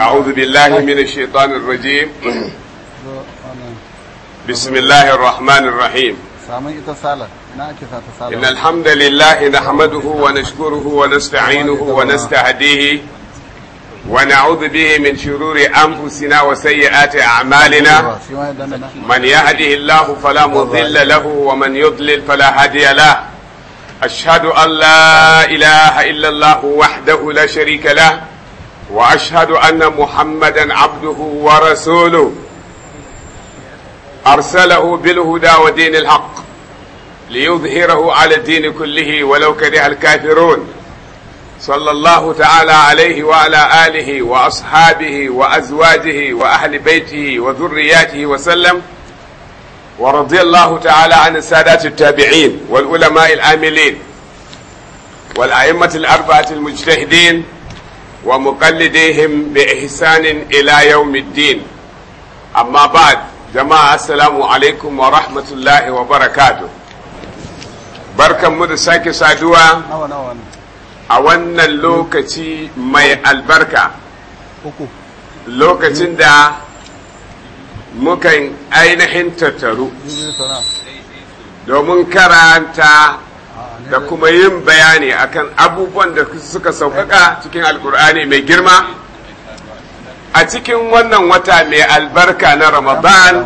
أعوذ بالله من الشيطان الرجيم بسم الله الرحمن الرحيم إن الحمد لله نحمده ونشكره ونستعينه ونستهديه ونعوذ به من شرور أنفسنا وسيئات أعمالنا من يهده الله فلا مضل له ومن يضلل فلا هادي له أشهد أن لا إله إلا الله وحده لا شريك له واشهد ان محمدا عبده ورسوله ارسله بالهدى ودين الحق ليظهره على الدين كله ولو كره الكافرون صلى الله تعالى عليه وعلى اله واصحابه وازواجه واهل بيته وذرياته وسلم ورضي الله تعالى عن السادات التابعين والعلماء العاملين والائمه الاربعه المجتهدين ومقلديهم بإحسان إلى يوم الدين أما بعد جماعة السلام عليكم ورحمة الله وبركاته بركة مدساك سادوا أولنا اللوكتي مي البركة لوكتين دا ممكن أين حين تترو domin karanta da kuma yin bayani akan abubuwan da suka sauƙaƙa cikin alkur'ani mai girma a cikin wannan wata mai albarka na ramadan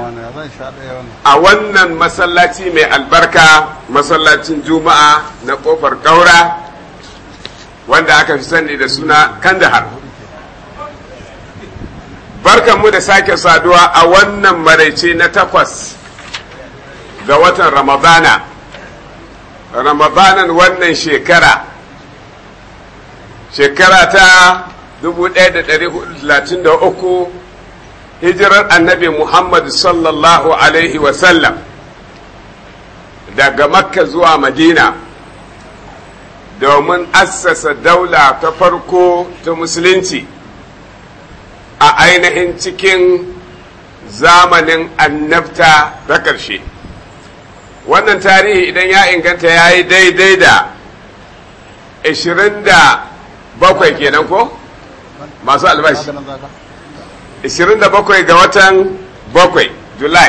a wannan masallaci mai albarka masallacin juma'a na ƙofar ƙaura wanda aka fi sani da suna kandahar barkanmu da sake saduwa a wannan maraice na takwas ga watan ramadana ramadanan wannan shekara shekara ta 1433 hijirar annabi muhammad sallallahu alaihi wasallam daga makka zuwa madina domin assasa daula ta farko ta musulunci a ainihin cikin zamanin annabta ta ƙarshe wannan tarihi idan ya inganta ya yi daidai da 27 kenan ko masu albashi 27 ga watan 7 july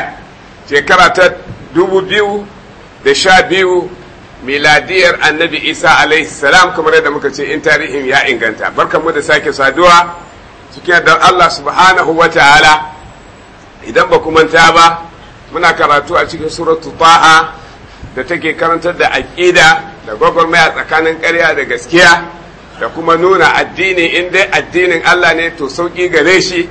shekara ta 2012 miladiyar annabi isa alaihi salam kamar yadda muka ce in tarihin ya inganta barkanmu da sake saduwa cikin yadda allah subhanahu wa ta'ala idan ba kuma ta ba muna karatu a cikin suratu ta'a da take karantar da aƙida da gwagwarmaya tsakanin ƙarya da gaskiya da kuma nuna addini in dai addinin Allah ne to sauƙi gare shi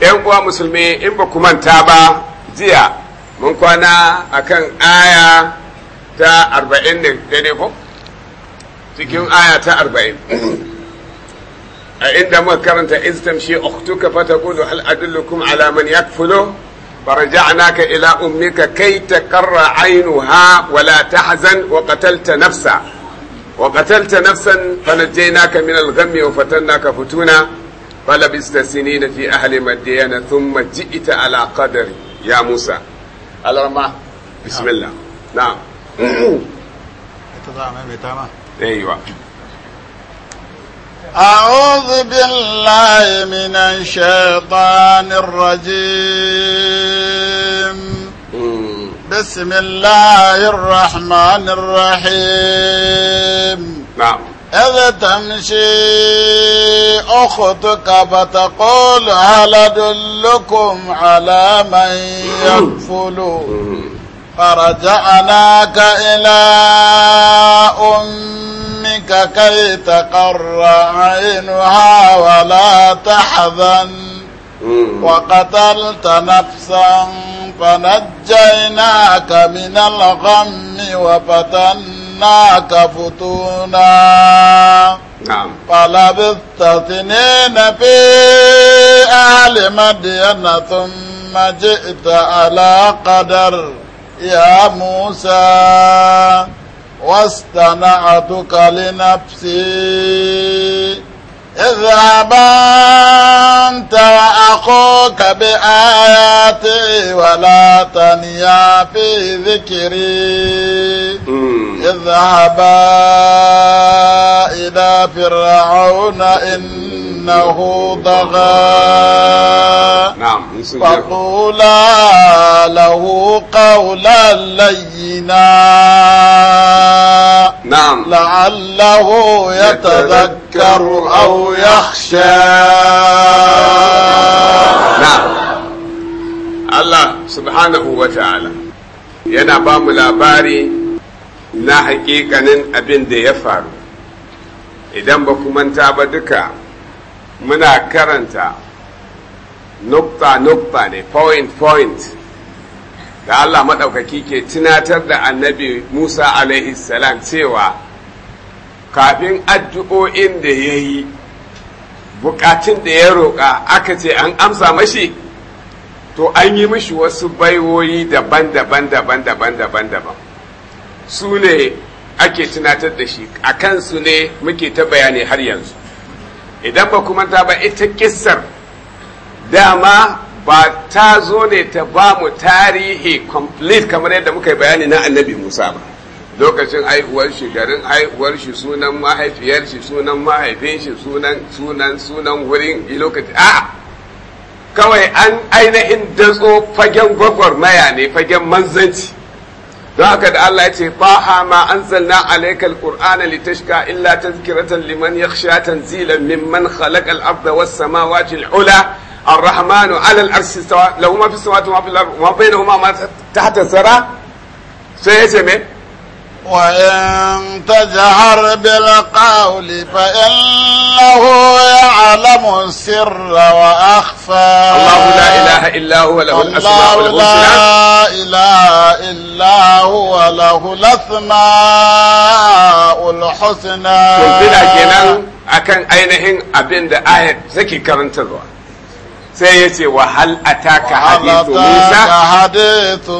‘yan uwa musulmi in ba ku manta ba jiya mun kwana akan aya ta arba'in da ko cikin aya ta arba'in a inda muka karanta istamshi uktuka fata kudu hal adullukum ala man فرجعناك إلى أمك كي تقر عينها ولا تحزن وقتلت نفسا وقتلت نفسا فنجيناك من الغم وفتناك فتونا فلبست سنين في أهل مدين ثم جئت على قدر يا موسى الرمى بسم الله نعم ايوه أعوذ بالله من الشيطان الرجيم بسم الله الرحمن الرحيم نعم إذ تمشي أختك فتقول هل أدلكم على من يكفل فرجعناك إلى أمك منك كي تقر عينها ولا تحزن وقتلت نفسا فنجيناك من الغم وفتناك فتونا نعم فلبثت سنين في أهل مدين ثم جئت على قدر يا موسى واصطنعتك لنفسي اذهبا أنت وأخوك بآياتي ولا تنيا في ذكري اذهبا إلى فرعون إن إنه ضغى نعم فقولا له قولا لينا نعم لعله يتذكر أو يخشى نعم الله سبحانه وتعالى yana ba mu labari na hakikanin abin da ya faru idan ba ku manta ba duka muna karanta nukta nukta ne point point da Allah maɗaukaki ke tunatar da annabi Musa a.s. cewa kafin addu'o'in da ya yi bukatun da ya roƙa aka ce an amsa mashi to an yi mashi wasu baiwoyi daban-daban daban-daban daban-daban su ne ake tunatar da shi a kansu ne muke ta bayani har yanzu idan ba kuma ta ba ita kissar dama ba ta zo ne ta ba mu tarihi complete kamar yadda muka yi bayani na annabi musa ba lokacin haihuwar shi garin haihuwar shi sunan mahaifiyar shi sunan mahaifin shi sunan sunan sunan wurin lokaci a kawai an ainihin datso fagen gwagwarmaya ne fagen manzanci don haka da Allah ya ce taha ma anzalna alaykal qur'ana litashka illa tazkiratan liman yakhsha tanzilan mimman khalaqal arda was samawati al ula الرحمن على العرش استوى له في السماوات وما في الارض وما بينهما ما تحت الثرى سيسمي وإن تجهر بالقول فإنه يعلم السر وأخفى الله لا إله إلا هو له الأسماء الله لا إله إلا هو له الأسماء والحسنى الحسنى بلا لكن أكن أينهن أبين دعاية زكي كرنتظر sai ya ce wa hal ataka hadithu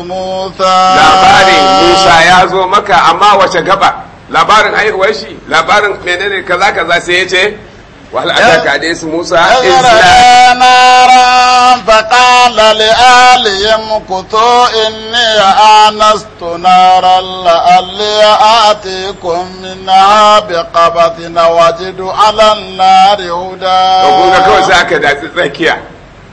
Musa labarin Musa ya zo maka amma wace gaba labarin aihuwar shi labarin menene kaza kaza sai ya ce وهل أتاك حديث موسى إذ نارا فقال لآلهم bi kawai sai aka tsakiya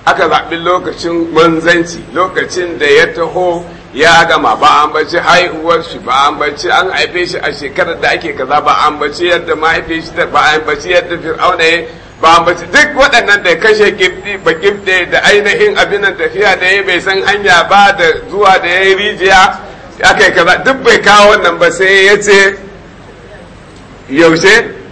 aka zaɓi lokacin banzanci lokacin da ya taho ya gama ba an bace haihuwar shi ba an bace an haife shi a shekarar da ake kaza ba an bace yadda haife shi ba an bace yadda fir'auna ya ba an bace duk waɗannan da kashe gifti ba gifte da ainihin abinan tafiya da ya bai san hanya ba da zuwa da ya rijiya aka yi kaza duk bai kawo wannan ba sai ya ce yaushe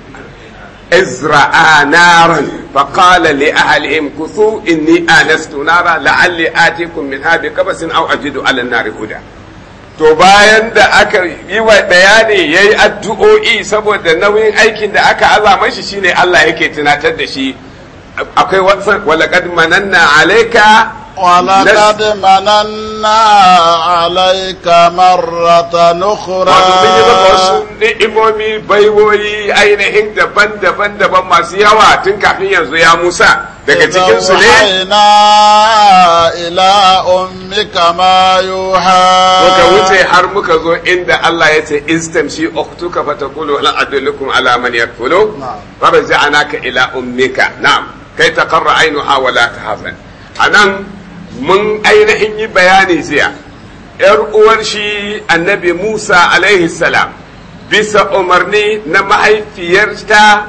ازرعا نارا فقال لأهلهم كثوا إني آنست نارا لعلي آتيكم منها بقبس أو أجد على النار هدى to bayan da aka yi wa bayani ya yi addu'o'i saboda nauyin aikin da aka azama shi shine Allah yake tunatar da shi akwai qad mananna alaika ولقد مننا عليك مرة أخرى ni'imomi baiwoyi ainihin daban-daban daban masu yawa tun kafin yanzu ya Musa daga cikin su ne ila ummika ma yuha muka wuce har muka zo inda Allah ya ce istam shi uktuka fataqulu la adullukum ala man yakfulu farja'anaka ila ummika na'am kai taqarra ainuha wa la tahzan anan mun ainihin yi bayani jiya ‘yar uwar shi annabi Musa alaihi salam bisa umarni na mahaifiyarta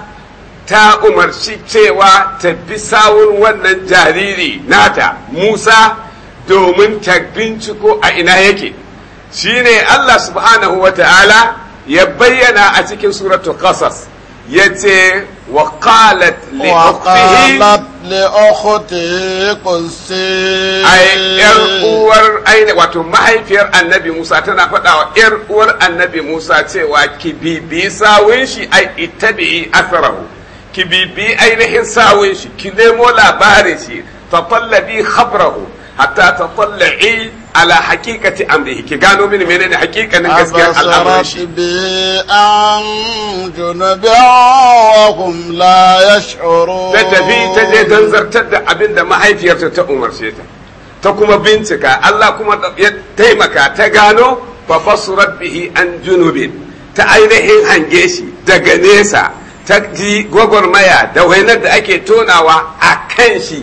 ta umarci cewa ta bi sawun wannan jariri nata Musa domin ta binciko a ina yake ne Allah subhanahu wa ta'ala ya bayyana a cikin suratul qasas yace wa qalat li ne ohote kunse ai yar uwar ai ne wato mahaifiyar annabi Musa tana faɗawa wa yar uwar annabi Musa cewa ki bibi sawun shi ai ittabi asrahu ki bibi ainihin sawun shi ki nemo labarin shi tatallabi khabrahu hatta tatallabi ala haqiqati amrihi ki gano mini menene haqiqanin gaskiyar al'amarin shi bi an junubahum la yash'urun ta tafi ta je don zartar da abinda da mahaifiyarta ta umarce ta ta kuma bincika Allah kuma ya taimaka ta gano fa basurat bihi an junubin ta ainihin hange shi daga nesa ta ji gwagwarmaya da wainar da ake tonawa a kan shi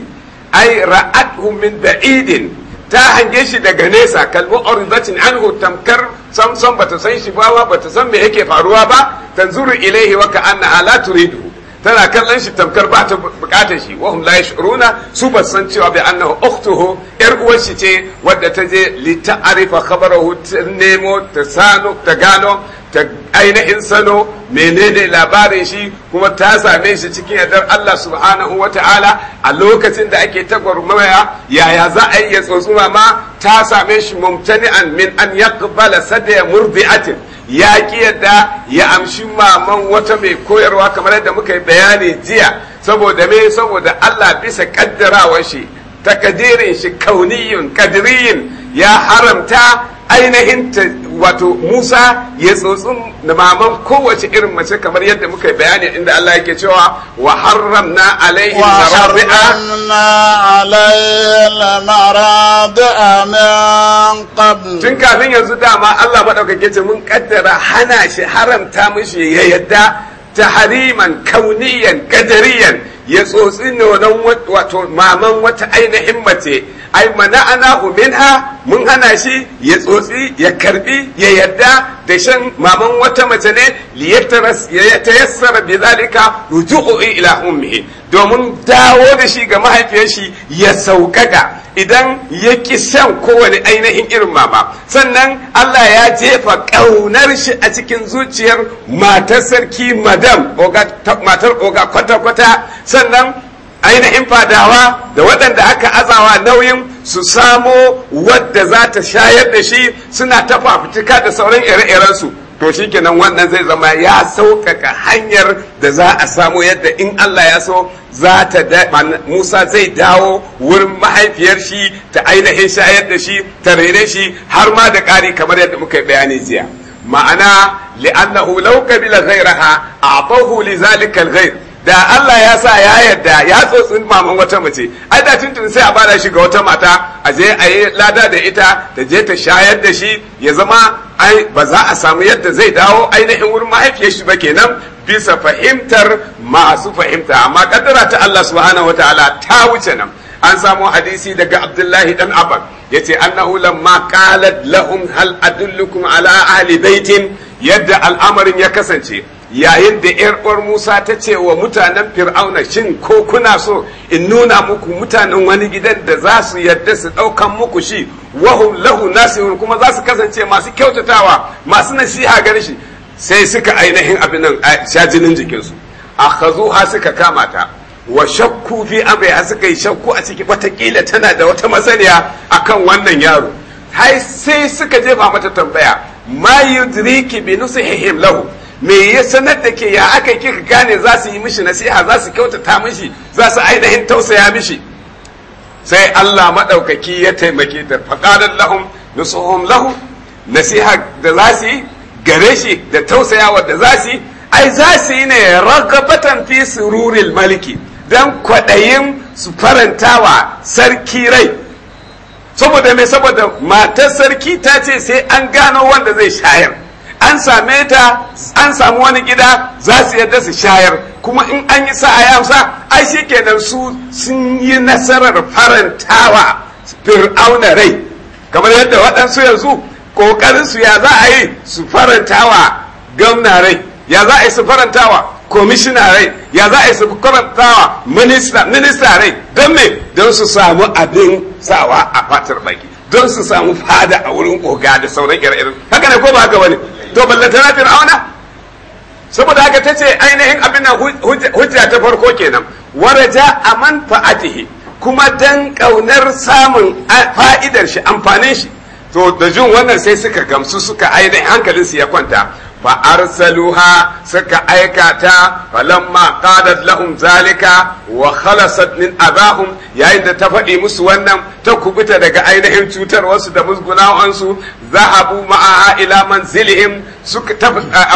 ai ra'atuhu min ba'idin ta hange shi daga nesa kalbu aurizatin anhu tamkar samson bata san shi ba bata san me yake faruwa ba tanzuru ilaihi wa ka anna la turidu tana kallon shi tamkar ba ta bukatar shi wahum la yashuruna su ba san cewa bi annahu ukhtuhu yar uwar shi ce wadda ta je li ta'rifa khabarahu nemo ta sanu ta gano ta ainihin sano menene labarin shi kuma ta same shi cikin yardar Allah subhanahu wa ta'ala a lokacin da ake tagwarmaya yaya za a iya tsotsuma ma ta same shi mumtani'an min an yaqbala sadaya murdi'atin ya ki yadda ya amshi maman wata mai koyarwa kamar yadda muka yi bayani jiya saboda me saboda Allah bisa kaddarawar shi takadirin shi kauniyin kadiriyin ya haramta ainihin wato Musa ya tsotsin maman kowace irin mace kamar yadda muka yi bayani inda Allah yake cewa wa harramna alaihi marabi'a tun kafin yanzu dama Allah madaukake ce mun kaddara hana shi haramta mishi ya yadda tahriman kauniyan kadariyan ya tsotsi nonon wato maman wata ainihin mace ai mana ana minha mun hana shi ya tsotsi ya karbi ya yarda da shan maman wata mace ne liyattara ya tayassara bi zalika ruju'u ila ummihi domin dawo da shi ga mahaifiyar ya sauƙaƙa idan ya ƙi shan kowane ainihin irin mama sannan Allah ya jefa ƙaunar shi a cikin zuciyar matar sarki madam matar oga kwata-kwata sannan ainihin fadawa da waɗanda aka azawa nauyin su samo wadda za ta shayar da shi suna ta fafutuka da sauran ire-irensu to shikenan wannan zai zama ya sauƙaƙa hanyar da za a samu yadda in Allah ya so za ta Musa zai dawo wurin mahaifiyar shi ta ainihin shayar da shi ta rene shi har ma da ƙari kamar yadda muka yi bayani jiya ma'ana li'annahu law qabila ghayraha a'tahu li zalika al-ghayr da Allah ya sa ya yarda ya tsotsi maman wata mace ai da tuntun sai a bada shi ga wata mata a je a yi lada da ita ta je ta shayar da shi ya zama ai ba za a samu yadda zai dawo ainihin wurin mahaifiyar shi ba kenan bisa fahimtar masu fahimta amma kaddara ta Allah subhanahu wataala ta wuce nan an samu hadisi daga abdullahi dan abad ya ce annahu lamma qalat lahum hal adullukum ala ahli baitin yadda al'amarin ya kasance yayin da ‘yar uwar Musa ta ce wa mutanen Fir'auna shin ko kuna so in nuna muku mutanen wani gidan da za su yadda su ɗaukan muku shi wahu lahu nasi kuma za su kasance masu kyautatawa masu nasiha gare shi sai suka ainihin abin nan sha jinin jikinsu ha suka kama ta wa shakku fi a suka yi shakku a ciki watakila tana da wata masaniya akan wannan yaro sai suka jefa mata tambaya ma yudriki bi nusihihim lahu me ya sanar da ke ya aka kika gane za su yi mishi nasiha za su kyautata mishi za su ainihin tausaya mishi sai Allah maɗaukaki ya taimake ta faƙarar lahum nusuhum lahu nasiha da za su yi gare shi da tausayawa da za su yi ai za su yi ne ragabatan fi sururil maliki don kwaɗayin su farantawa sarki rai saboda mai saboda matar sarki ta ce sai an gano wanda zai shayar an same ta an samu wani gida za su yadda su shayar kuma in an yi sa'a ya ai ai kenan su sun yi nasarar farantawa fir'auna rai kamar yadda waɗansu yanzu ƙoƙarin su ya za a yi su farantawa gwamna rai ya za a yi su farantawa komishina rai ya za a yi su farantawa minista rai don me don su samu abin sawa a fatar baki don su samu fada a wurin oga da sauran ire haka ne ko ba haka wani to tana fir'auna saboda haka ta ce ainihin abin nan hujja ta farko kenan waraja a man fa'atihi kuma dan kaunar samun fa'idar shi amfanin shi to da jin wannan sai suka gamsu suka ainihin hankalinsu ya kwanta fa arsaluha suka aika ta falamma qadat lahum zalika wa khalasat min abahum yayin da ta faɗi musu wannan ta kubuta daga ainihin cutar wasu da musgunawan su zahabu ma'aha ila manzilihim suka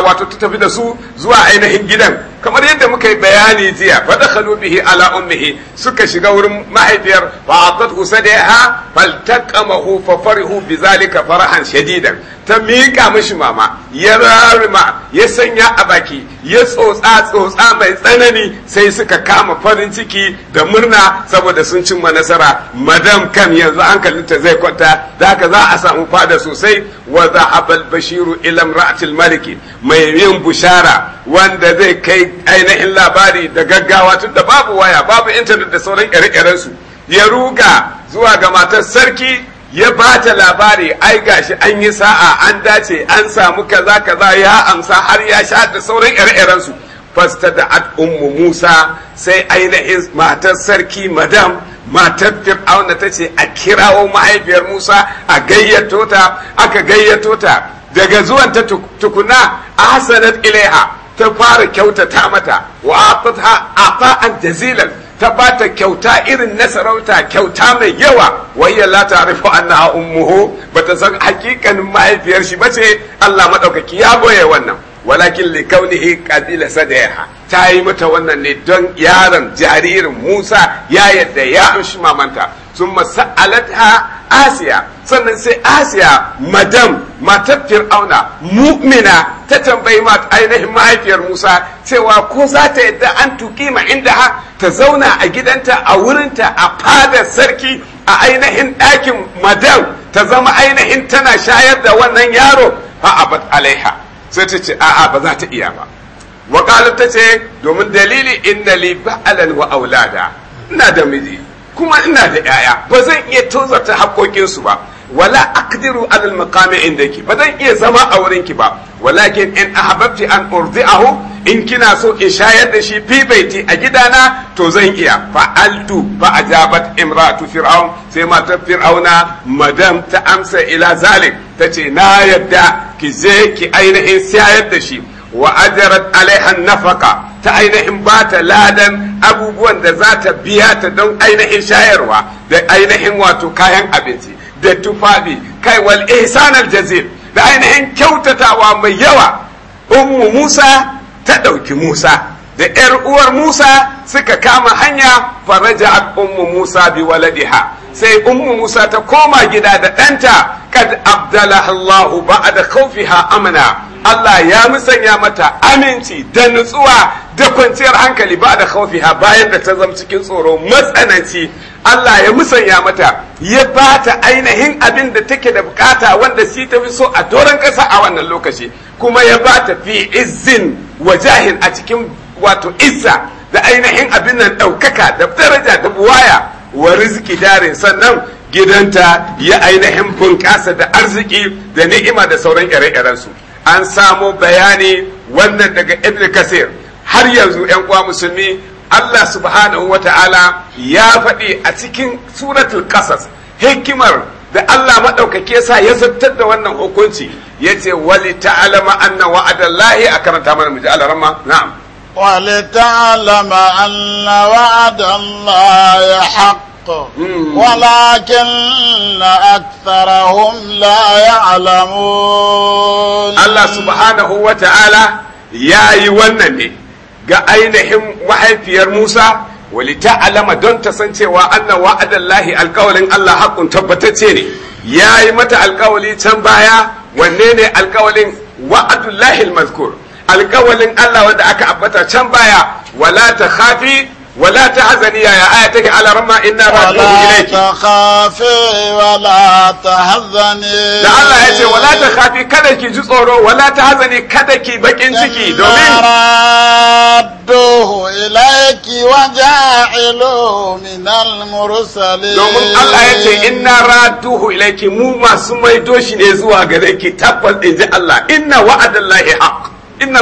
wato ta tafi da su zuwa ainihin gidan kamar yadda muka yi bayani jiya fa dakhalu bihi ala ummihi suka shiga wurin mahaifiyar fa ha sadaha faltaqamahu fa farihu zalika farahan shadidan ta mika mishi mama ya rarima ya sanya a baki ya tsotsa tsotsa mai tsanani sai suka kama farin ciki da murna saboda sun cimma nasara madam kam yanzu hankalinta zai kwanta zaka za a samu fada sosai wa zahabal bashiru ila imra'atil maliki mai yin bushara wanda zai kai ainihin labari da gaggawa tun da babu waya babu intanet da sauran ƙere su ya ruga zuwa ga matar sarki ya ba ta labari ai gashi an yi sa'a an dace an samu kaza kaza ya amsa har ya sha da sauran ƙere su fasta da at ummu musa sai ainihin matar sarki madam matar fir'auna ta ce a kirawo mahaifiyar musa a gayyato ta aka gayyato ta daga zuwan ta tukuna a hasanat ilaiha ta fara kyautata mata wa atatha ata'an jazilan ta bata kyauta irin na sarauta kyauta mai yawa wayya la ta'rifu annaha ummuhu bata san hakikanin mahaifiyar shi bace Allah madaukaki ya boye wannan walakin li kaunihi qabila sadaha ta yi mata wannan ne don yaron jaririn Musa ya yadda ya amshi mamanta sun masa'alatha asiya sannan sai asiya madam matar fir'auna mu'mina ta tambayi ainihin mahaifiyar musa cewa ko za ta yadda an tuki ma inda ha ta zauna a gidanta a wurinta a fada sarki a ainihin ɗakin madam ta zama ainihin tana shayar da wannan yaro fa'abat alaiha sai ta ce a'a ba za ta iya ba wakalar ta ce domin dalili inna li ba'alan wa aulada ina da miji kuma ina da yaya ba zan iya tozarta haƙoƙinsu ba wala aqdiru alal maqami indaki ba zan iya zama a wurin ki ba walakin in ahabbti an urdi'ahu in kina so in shayar da shi fi baiti a gidana to zan iya fa'altu fa ajabat imratu fir'aun sai matar fir'auna madam ta amsa ila zalik tace na yadda ki je ki ainihin shayar da shi wa ajarat alaiha nafaka ta ainihin ba ta ladan abubuwan da za ta biya ta don ainihin shayarwa da ainihin wato kayan abinci da tufafi kai wal ihsan al jazil da ainihin kyautatawa mai yawa ummu Musa ta ɗauki Musa da ‘yar uwar Musa suka kama hanya faraja ummu Musa bi waladiha sai ummu Musa ta koma gida da ɗanta kad abdalaha Allahu ba'da khawfiha amana Allah ya musanya mata aminci da nutsuwa da kwanciyar hankali ba da khawfiha bayan da ta zama cikin tsoro matsanaci Allah ya musanya mata ya ba ta ainihin abin da take da bukata wanda si ta fi so a doron kasa a wannan lokaci kuma ya ba ta fi izin wa a cikin wato izza da ainihin abin nan ɗaukaka da daraja da buwaya wa rizki darin sannan gidanta ya ainihin bunƙasa da arziki da ni'ima da sauran ire-irensu an samo bayani wannan daga ibn kasir har yanzu ‘yan uwa musulmi Allah subhanahu wa ta'ala ya faɗi a cikin suratul ƙasas hikimar da Allah maɗaukake sa ya zartar da wannan hukunci ya ce wali ta'alama anna wa'adallahi a karanta mana muji alarama na'am ولتعلم أن وعد الله حق ولكن أكثرهم لا يعلمون wa ta'ala ya yi wannan ne. ga ainihin mahaifiyar Musa wali alama don ta san cewa anna wa'adallahi alkawalin Allah haƙun tabbatacce ne ya yi mata alkawali can baya wanne ne alkawalin wa'adullahi almazkur alkawalin Allah wanda aka abbata can baya wala ta khafi ولا تحزني يا آياتك على رما إنا راجعون إليك ولا تخافي ولا تحزني da Allah ya ce wala ta khafi kada ki ji tsoro wala ta hazani kada ki bakin ciki domin radduhu ilayki wa ja'ilu min al-mursalin domin Allah ya ce inna radduhu ilayki mu masu maido ne zuwa gare ki tabbas inji Allah inna inna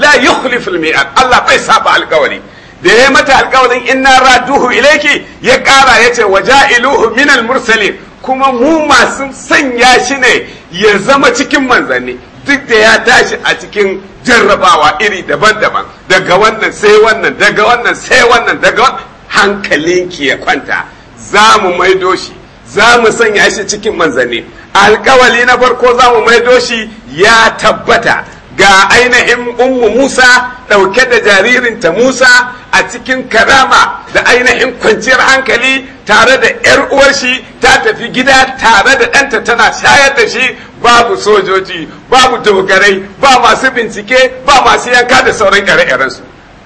la Allah bai saba alƙawari da ya mata alƙawarin inna raduhu ilaiki ya ƙara ya ce waja'iluhu minal mursalin kuma mu masu sanya shi ne ya zama cikin manzanni duk da ya tashi a cikin jarrabawa iri daban-daban daga wannan sai wannan daga wannan sai wannan daga hankalinki ya kwanta za mu maido shi za mu sanya shi cikin manzanni alkawali na farko za mu maido shi ya tabbata ga ainihin ummu musa ɗauke da jaririnta musa a cikin karama da ainihin kwanciyar hankali tare da 'yar uwar shi ta tafi gida tare da ɗanta tana shayar da shi babu sojoji babu dogarai ba masu bincike ba masu yanka da sauran ire-irensu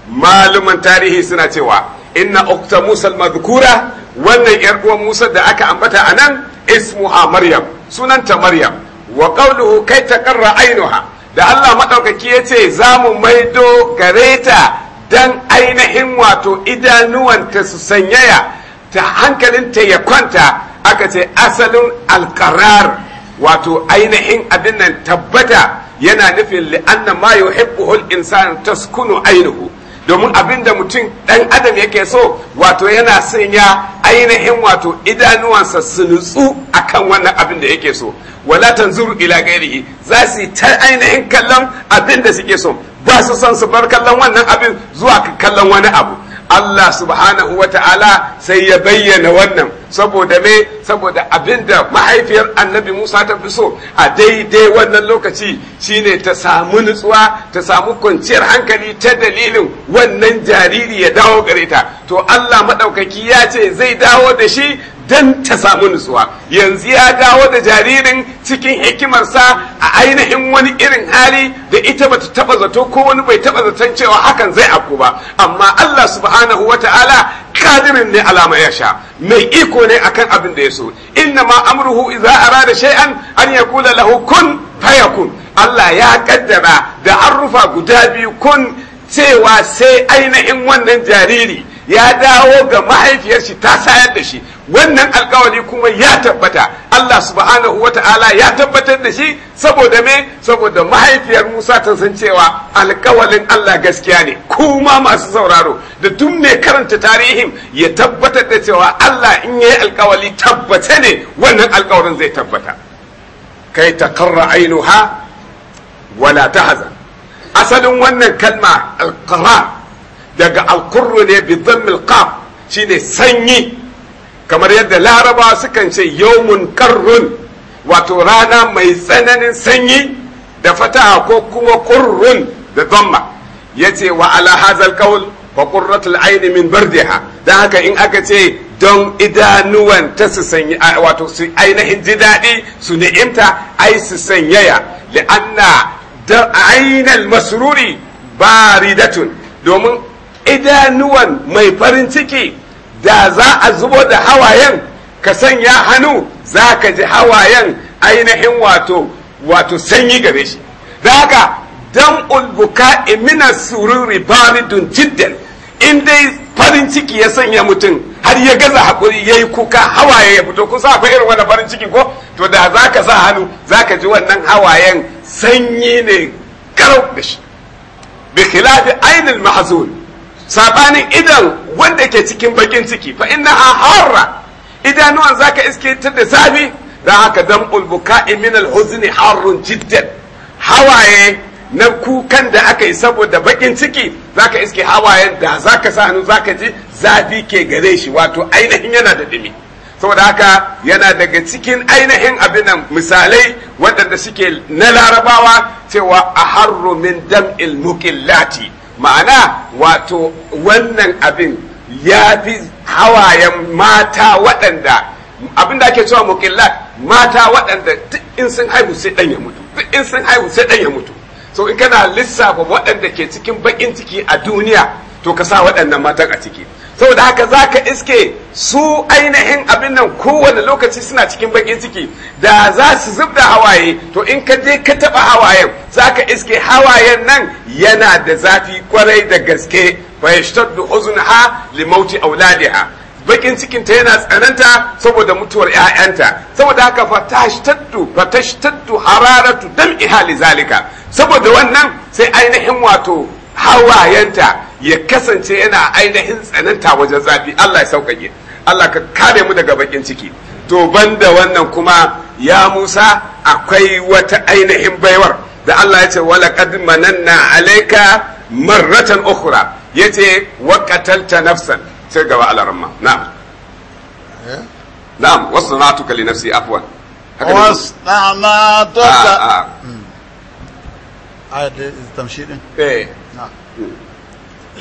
maluman tarihi suna cewa inna ukta musa madhkura wannan 'yar uwar musa da aka ambata a nan ismuha maryam sunanta maryam wa qawluhu kai taqarra ainuha da Allah maɗaukaki ya ce za mu maido gare ta don ainihin wato idanuwanta su sanyaya ta hankalinta ya kwanta aka ce asalin alkarar wato ainihin abin nan tabbata yana nufin li'anna ma yuhibbuhul insan taskunu ainihu domin abin da mutum ɗan adam yake so wato yana sanya ainihin wato idanuwansa su nutsu a kan wannan abin da yake so wala tanzuru ila gairihi za su yi ta ainihin kallon abin da suke so ba su son su bar kallon wannan abin zuwa kallon wani abu Allah subhanahu wa ta'ala sai ya bayyana wannan saboda me saboda abinda mahaifiyar annabi musa ta fi so a daidai wannan lokaci shine ta samu nutsuwa ta samu kwanciyar hankali ta dalilin wannan jariri ya dawo gare ta to allah maɗaukaki ya ce zai dawo da shi dan ta samu nutsuwa yanzu ya dawo da jaririn cikin hikimarsa a ainihin wani irin hali da ita bata taba zato ko wani bai taba zaton cewa hakan zai afku ba amma Allah subhanahu wata'ala qadirin ne alama ya sha mai iko ne akan abin da ya so inna ma amruhu idza arada shay'an an yaqula lahu kun fayakun Allah ya kaddara da arrufa guda biyu kun cewa sai ainihin wannan jariri ya dawo ga mahaifiyar shi ta sayar da shi wannan alkawari kuma ya tabbata Allah subhanahu ta'ala ya tabbatar da shi saboda me saboda mahaifiyar Musa ta san cewa alkawalin Allah gaskiya ne kuma masu sauraro da tun mai karanta tarihin ya tabbatar da cewa Allah in yayi alkawali tabbata ne wannan alkawarin zai tabbata kai taqarra ainuha wala tahzan asalin wannan kalma alqara daga alqurru ne bi dhammil qaf shine sanyi kamar yadda laraba sukan ce yawmun karrun wato rana mai tsananin sanyi da fataha ko kuma kurrun da zamma ya ce wa ala hazal kawul wa qurratul aini min bardiha da haka in aka ce don idanuwan ta su sanyi wato su ainihin ji daɗi su ni'imta ai su sanyaya li'anna da ainal masruri baridatun domin idanuwan mai farin ciki da za a zubo da hawayen ka sanya hannu za ka ji hawayen ainihin wato wato sanyi gare shi da haka dan ulbuka imina ribari baridun jiddan in dai farin ciki ya sanya mutum har ya gaza haƙuri ya yi kuka hawaye ya fito kusa akwai irin wani farin ciki ko to da za ka sa hannu za ka ji wannan hawayen sanyi ne karau da shi bi khilafi ainihin mahzun sabanin idan wanda ke cikin bakin ciki fa inna harra idanuwan zaka iske ta da zafi da haka dam'ul buka'i min al-huzni harrun jiddan hawaye na kukan da aka yi saboda bakin ciki za ka iske hawayen da za ka sa hannu ka ji zafi ke gare shi wato ainihin yana da dumi saboda haka yana daga cikin ainihin abinan misalai waɗanda suke na larabawa cewa a harro min il muqillati ma'ana wato wannan abin ya fi hawayen mata waɗanda abin da ake cewa muƙillat mata waɗanda duk in sun haihu sai ɗan ya mutu duk in sun haihu sai ɗan ya mutu so in kana lissafa waɗanda ke cikin baƙin ciki a duniya to ka sa waɗannan matan a ciki saboda haka za ka iske su ainihin abin nan kowane lokaci suna cikin bakin ciki da za su zub da hawaye to in ka je ka taɓa hawayen za ka iske hawayen nan yana da zafi kwarai da gaske fa yashtaddu uzunha li mauti auladiha bakin cikinta yana tsananta saboda mutuwar 'ya'yanta saboda haka fatashtaddu fatashtaddu hararatu dam ihali zalika saboda wannan sai ainihin wato hawayenta ya kasance yana ainihin tsananta wajen zafi Allah ya sauƙaƙe Allah ka kare mu daga bakin ciki to ban da wannan kuma ya Musa akwai wata ainihin baiwar da Allah ya ce walaqad mananna alayka marratan ukhra yace wa qatalta nafsan sai gaba alarma na'am na'am wasna'tuka li nafsi afwan wasna'tuka a ah, ah. hmm. a tamshi din eh na'am hmm.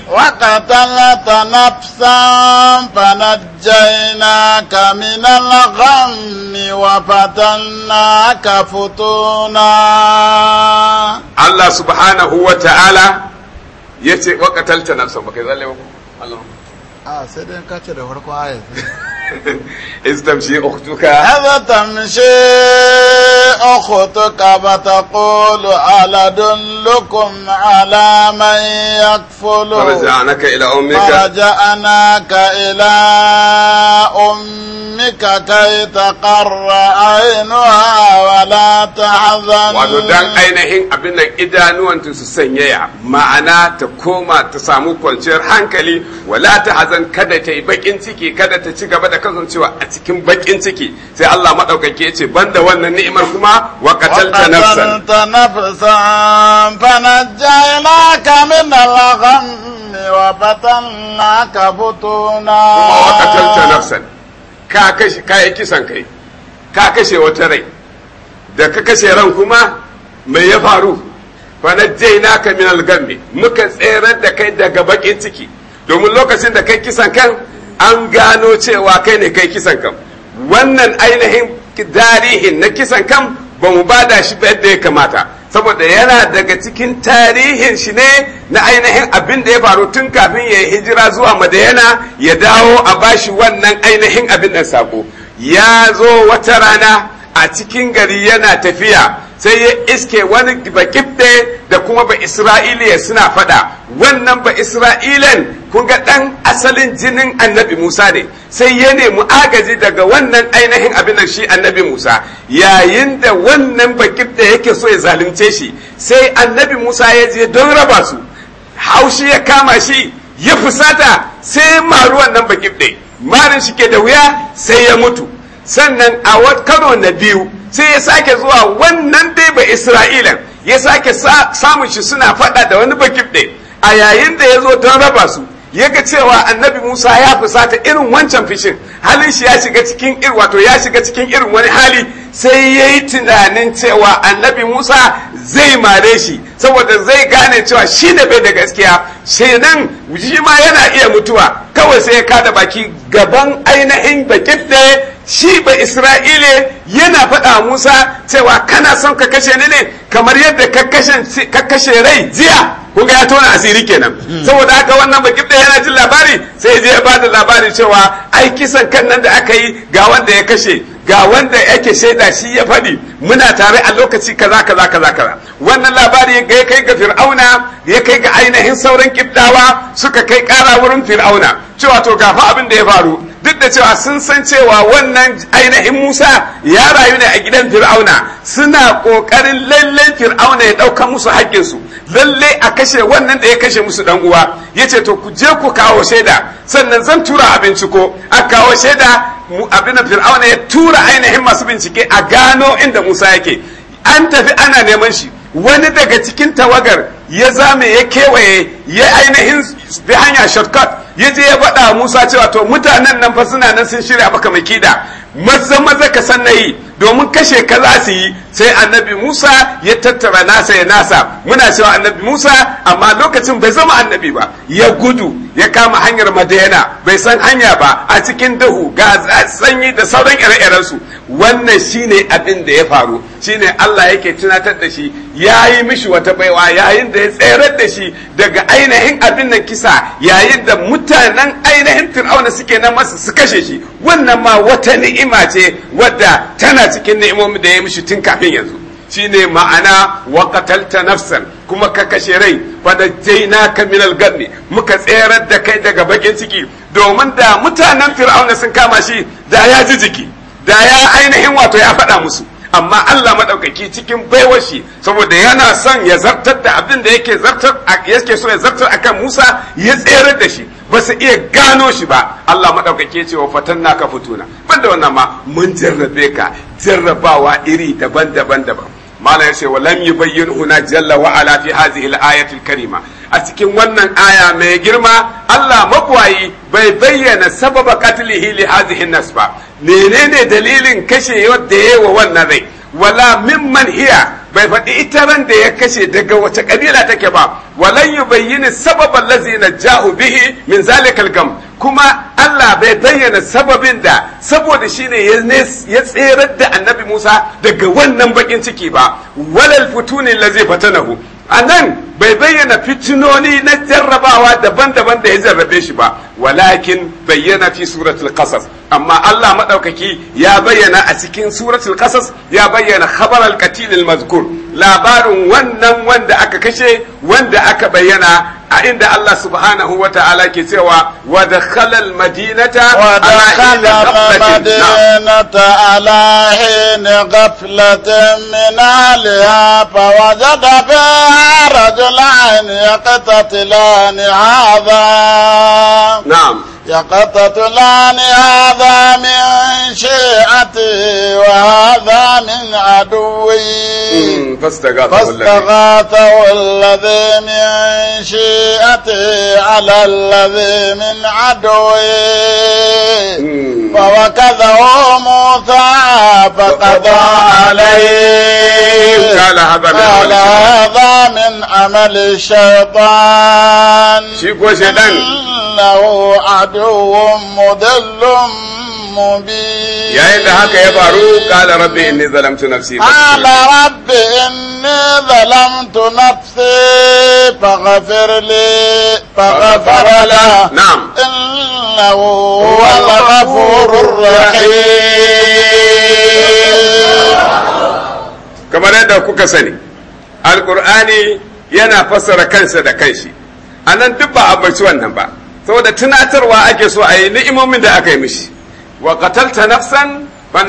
وقتلت نفسا فنجيناك من الغم وفتناك فتونا الله سبحانه وتعالى يتي وقتلت نفسا بكي ذلك a sai dai ka ce da farko ayat istamshi ukhtuka hada tamshi ukhtuka ba taqulu ala dullukum ala man yakfulu farja'naka ila ummika farja'naka ila ummika kay taqarra aynuha wala wato dan ainihin abin nan idanuwan su sanyaya ma'ana ta koma ta samu kwanciyar hankali wala hazan kada ta yi bakin ciki kada ta ci gaba da kasancewa a cikin bakin ciki sai Allah madaukake ya ce banda wannan ni'imar kuma wa qatalta nafsan nafsan fa najjaynaka min al-ghamm wa fatannaka futuna wa qatalta nafsan ka kashe kai kisan kai ka kashe wata rai da ka kashe ran kuma mai ya faru na ka min algammi muka tserar da kai daga bakin ciki domin lokacin da kai kisan kan an gano cewa kai ne kai kisan kan wannan ainihin tarihin na kisan kan ba mu ba da shi ba yadda ya kamata saboda yana daga cikin tarihin shi ne na ainihin abin da ya faru tun kafin ya hijira zuwa madayana ya dawo a bashi wannan ainihin abin da sako ya zo wata rana a cikin gari yana tafiya sai ya iske wani bakibde da kuma ba isra'iliya suna fada wannan ba isra'ilan kun ga dan asalin jinin annabi musa ne sai ya nemi agaji daga wannan ainihin abin da shi annabi musa yayin da wannan bakibde yake so ya zalunce shi sai annabi musa ya je don raba su haushi ya kama shi ya fusata sai maru wannan bakibde marin shi ke da wuya sai ya mutu sannan a karo na biyu sai ya sake zuwa wannan dai ba Isra'ila ya sake samun shi suna faɗa da wani bakif ɗin a yayin da ya zo don raba su ya ga cewa annabi musa ya fusata irin wancan fishin halin shi ya shiga cikin ir wato ya shiga cikin irin wani hali sai ya yi tunanin cewa annabi musa zai mare shi saboda zai gane cewa shi ne bai da gaskiya sai nan shi ma yana iya mutuwa kawai sai ya kada baki gaban ainihin bakin ɗaya shi ba isra'ile yana faɗa musa cewa kana son ka kashe ni ne kamar yadda ka kashe rai jiya ga ya tona asiri kenan hmm. saboda haka wannan ba da yana jin labari sai je ya bada labari cewa ai kisan kan nan da aka yi ga wanda ya kashe ga wanda yake shaida shi ya faɗi muna tare a lokaci kaza kaza kaza kaza wannan labari ya kai ga fir'auna ya kai ga ainihin sauran kibdawa suka kai kara wurin fir'auna cewa to ga abin da ya faru duk da cewa sun san cewa wannan ainihin Musa ya rayu ne a gidan Fir'auna suna kokarin lalle Fir'auna ya dauka musu haƙƙin su lalle a kashe wannan da ya kashe musu dan uwa yace to ku je ku kawo shaida sannan zan tura a binciko a kawo shaida abin Fir'auna ya tura ainihin masu bincike a gano inda Musa yake an tafi ana neman shi wani daga cikin tawagar ya zame ya kewaye ya ainihin bi hanya shortcut ya je ya faɗa wa Musa cewa to mutanen nan fa suna nan sun shirya maka makida maza maza ka san yi domin kashe ka za su yi sai annabi Musa ya tattara nasa ya nasa muna cewa annabi Musa amma lokacin bai zama annabi ba ya gudu ya kama hanyar Madayana bai san hanya ba a cikin duhu ga sanyi da sauran ire-iren su wannan shine abin da ya faru shine Allah yake tunatar da shi yayi mishi wata baiwa yayin da ya tsayar da shi daga ainihin abin nan kisa yayin da mutanen ainihin Fir'auna suke na masa su kashe shi wannan ma wata ni'ima ce wadda tana cikin ni'imomi da ya mishi tun kafin din yanzu shine ma'ana wa qatalta nafsan kuma ka kashe rai fadajaina ka min al muka tserar da kai daga bakin ciki domin da mutanen fir'auna sun kama shi da ya ji jiki da ya ainihin wato ya faɗa musu amma Allah madaukaki cikin baiwar shi saboda yana son ya zartar da abin da yake zartar so ya zartar akan Musa ya tserar da shi ba su iya gano shi ba Allah maɗaukake cewa fatan naka fituna da wannan ma mun jarrabe ka jarrabawa iri daban-daban daban mala ya ce walam yubayyin huna jalla wa ala fi karima a cikin wannan aya mai girma Allah mabwayi bai bayyana sababa qatlihi li hadhihi nas ba menene dalilin kashe yadda yayi wa wannan rai wala mimman hiya bai faɗi ita ran da ya kashe daga wace kabila take ba walan yubayyini sababan lazina jahu bihi min zalikal gam kuma Allah bai bayyana sababin da saboda shine ya tserar da annabi Musa daga wannan bakin ciki ba walal futuni lazi fatanahu anan bai bayyana fitinoni na jarrabawa daban-daban da ya jarrabe shi ba walakin bayyana fi suratul qasas amma Allah madaukaki ya bayyana a cikin suratul qasas ya bayyana khabar al-qatil al-mazkur labarin wannan wanda aka kashe wanda aka bayyana a inda Allah subhanahu wa ta'ala ke cewa wa dakhala al-madinata wa dakhala ala hin ghaflatin min ahliha fa wajada fiha قاتلان يقتتلان هذا نعم يقطة لان هذا من شيعتي وهذا من عدوي فاستغاثه الذي من شيعتي على الذي من عدوي فوكذه موسى فقضى عليه قال هذا من عمل الشيطان شيكو شيطان إنه عدو aduwan modellin mubi. Ya yi da haka ya faru kala rabbi in ne zalamtu nafsi. Kala rabbi in ne zalamtu nafsi faghafirle faghafarala. Na'am. In lawo wala gafurur rahim. Kamar yadda kuka sani, Alƙur'ani yana fassara kansa da kanshi. A nan duk ba a bashi wannan ba. da tunatarwa ake so a yi ni'imomin da aka yi mishi wa qatalta nafsan fa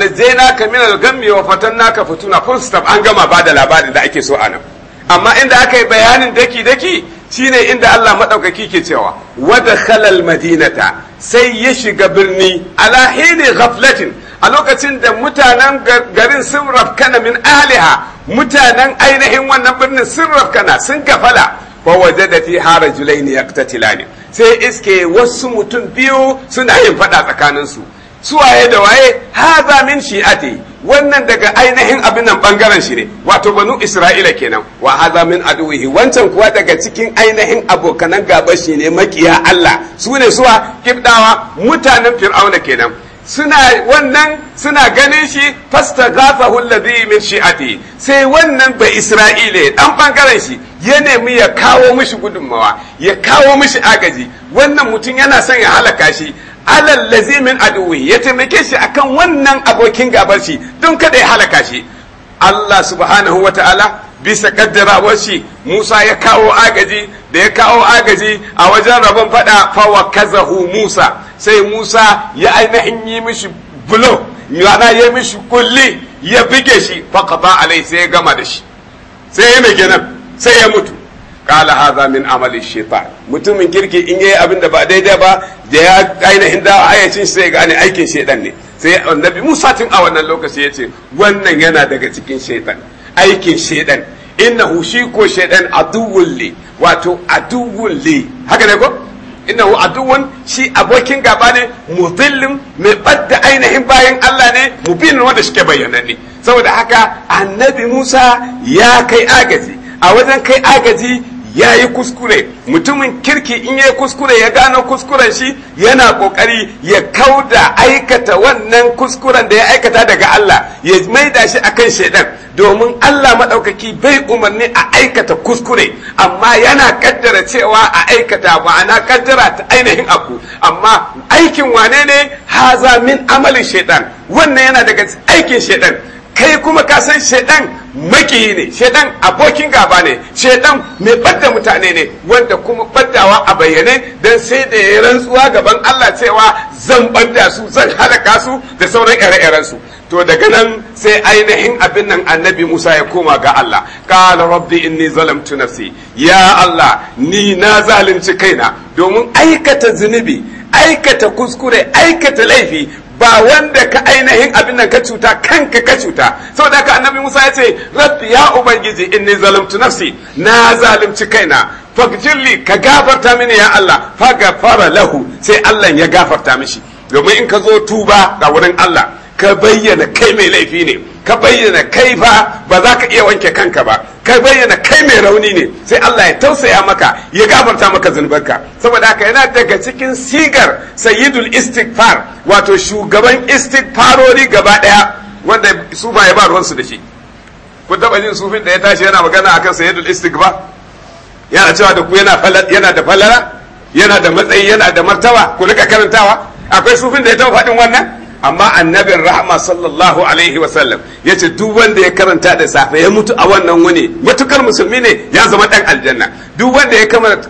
ka min al-ghammi wa ka futuna full stop an gama ba da labarin da ake so anan amma inda aka yi bayanin daki daki shine inda Allah madaukaki ke cewa wa dakhala madinata sai ya shiga birni ala hini ghaflatin a lokacin da mutanen garin sun rafkana min aliha mutanen ainihin wannan birnin sun rafkana sun gafala fa wajada fi harajulaini yaqtatilani sai iske wasu mutum biyu suna yin faɗa tsakaninsu suwaye da waye haza min shi'ati wannan daga ainihin abin nan bangaren shi ne wato banu isra'ila kenan wa haza min aduwihi wancan kuwa daga cikin ainihin abokanan gaba shi ne makiya Allah su ne suwa kibdawa mutanen fir'auna kenan suna wannan suna ganin shi fasta fastaghathahu alladhi min shi'ati sai wannan bai ya ɗan ɓangaren shi ya nemi ya kawo mishi gudunmawa ya kawo mishi agaji wannan mutum yana son ya halaka shi alal lazimin aduwi ya taimake shi akan wannan abokin gabar shi don kada ya halaka shi Allah subhanahu wa ta'ala bisa kaddarawar shi Musa ya kawo agaji da ya kawo agaji a wajen rabon fada fawa kazahu Musa sai Musa ya ainihin yi mishi bulo yana ya mishi kulli ya bige shi faqada alai sai ya gama da shi sai ya mai nan sai ya mutu kala haza min amali mutumin kirki in yayi abin da ba daidai ba da ya ainihin da ayacin sai gane aikin shaitan ne sai annabi Musa tun a wannan lokaci ce wannan yana daga cikin shaitan aikin shedan innahu shi ko shedan aduwun le wato aduwun le haka ne ko hu aduwun shi abokin gaba ne muzillin mai badda ainihin bayan Allah ne mu mubinin wanda shike bayyananne saboda haka annabi Musa ya kai agaji a wajen kai agaji ya yi kuskure mutumin kirki in ya yi kuskure ya gano kuskuren shi yana kokari ya kauda aikata wannan kuskuren da ya aikata daga Allah ya maida shi akan shaidan domin Allah maɗaukaki bai umarni a aikata kuskure amma yana kaddara cewa a aikata ma'ana kaddara ta ainihin abu amma aikin wane ne haza min amalin shaidan wannan yana daga aikin shaidan kai kuma ka san shaidan makiyi ne shaidan abokin gaba ne shaidan mai badda mutane ne wanda kuma baddawa a bayyane don sai da ya rantsuwa gaban Allah cewa zan badda su zan halaka su da sauran ire-iren su to daga nan sai ainihin abin nan annabi Musa ya koma ga Allah qala rabbi inni zalamtu nafsi ya Allah ni na zalunci kaina domin aikata zunubi aikata kuskure aikata laifi ba wanda ka ainihin abin nan ka cuta kanka ka cuta saboda haka annabi Musa ya ce rabbi ya ubangiji inni zalamtu nafsi na zalunci kaina fagfirli ka gafarta mini ya Allah fara lahu sai Allah ya gafarta mishi domin in ka zo tuba ga wurin Allah ka bayyana kai mai laifi ne ka bayyana kai fa ba za ka iya wanke kanka ba ka bayyana kai mai rauni ne sai Allah ya tausaya maka ya gafarta maka zunubanka saboda haka yana daga cikin sigar sayyidul istighfar wato shugaban istighfarori gaba daya wanda sufa ya ba ruwansu da shi kun taba jin sufin da ya tashi yana magana akan sayyidul istighfar yana cewa da ku yana da falala yana da matsayi yana da martaba ku rika karantawa akwai sufin da ya taba faɗin wannan amma annabin rahama sallallahu alaihi wasallam ya ce duk wanda ya karanta da safe ya mutu a wannan wuni matukar musulmi ne ya zama dan aljanna duk wanda ya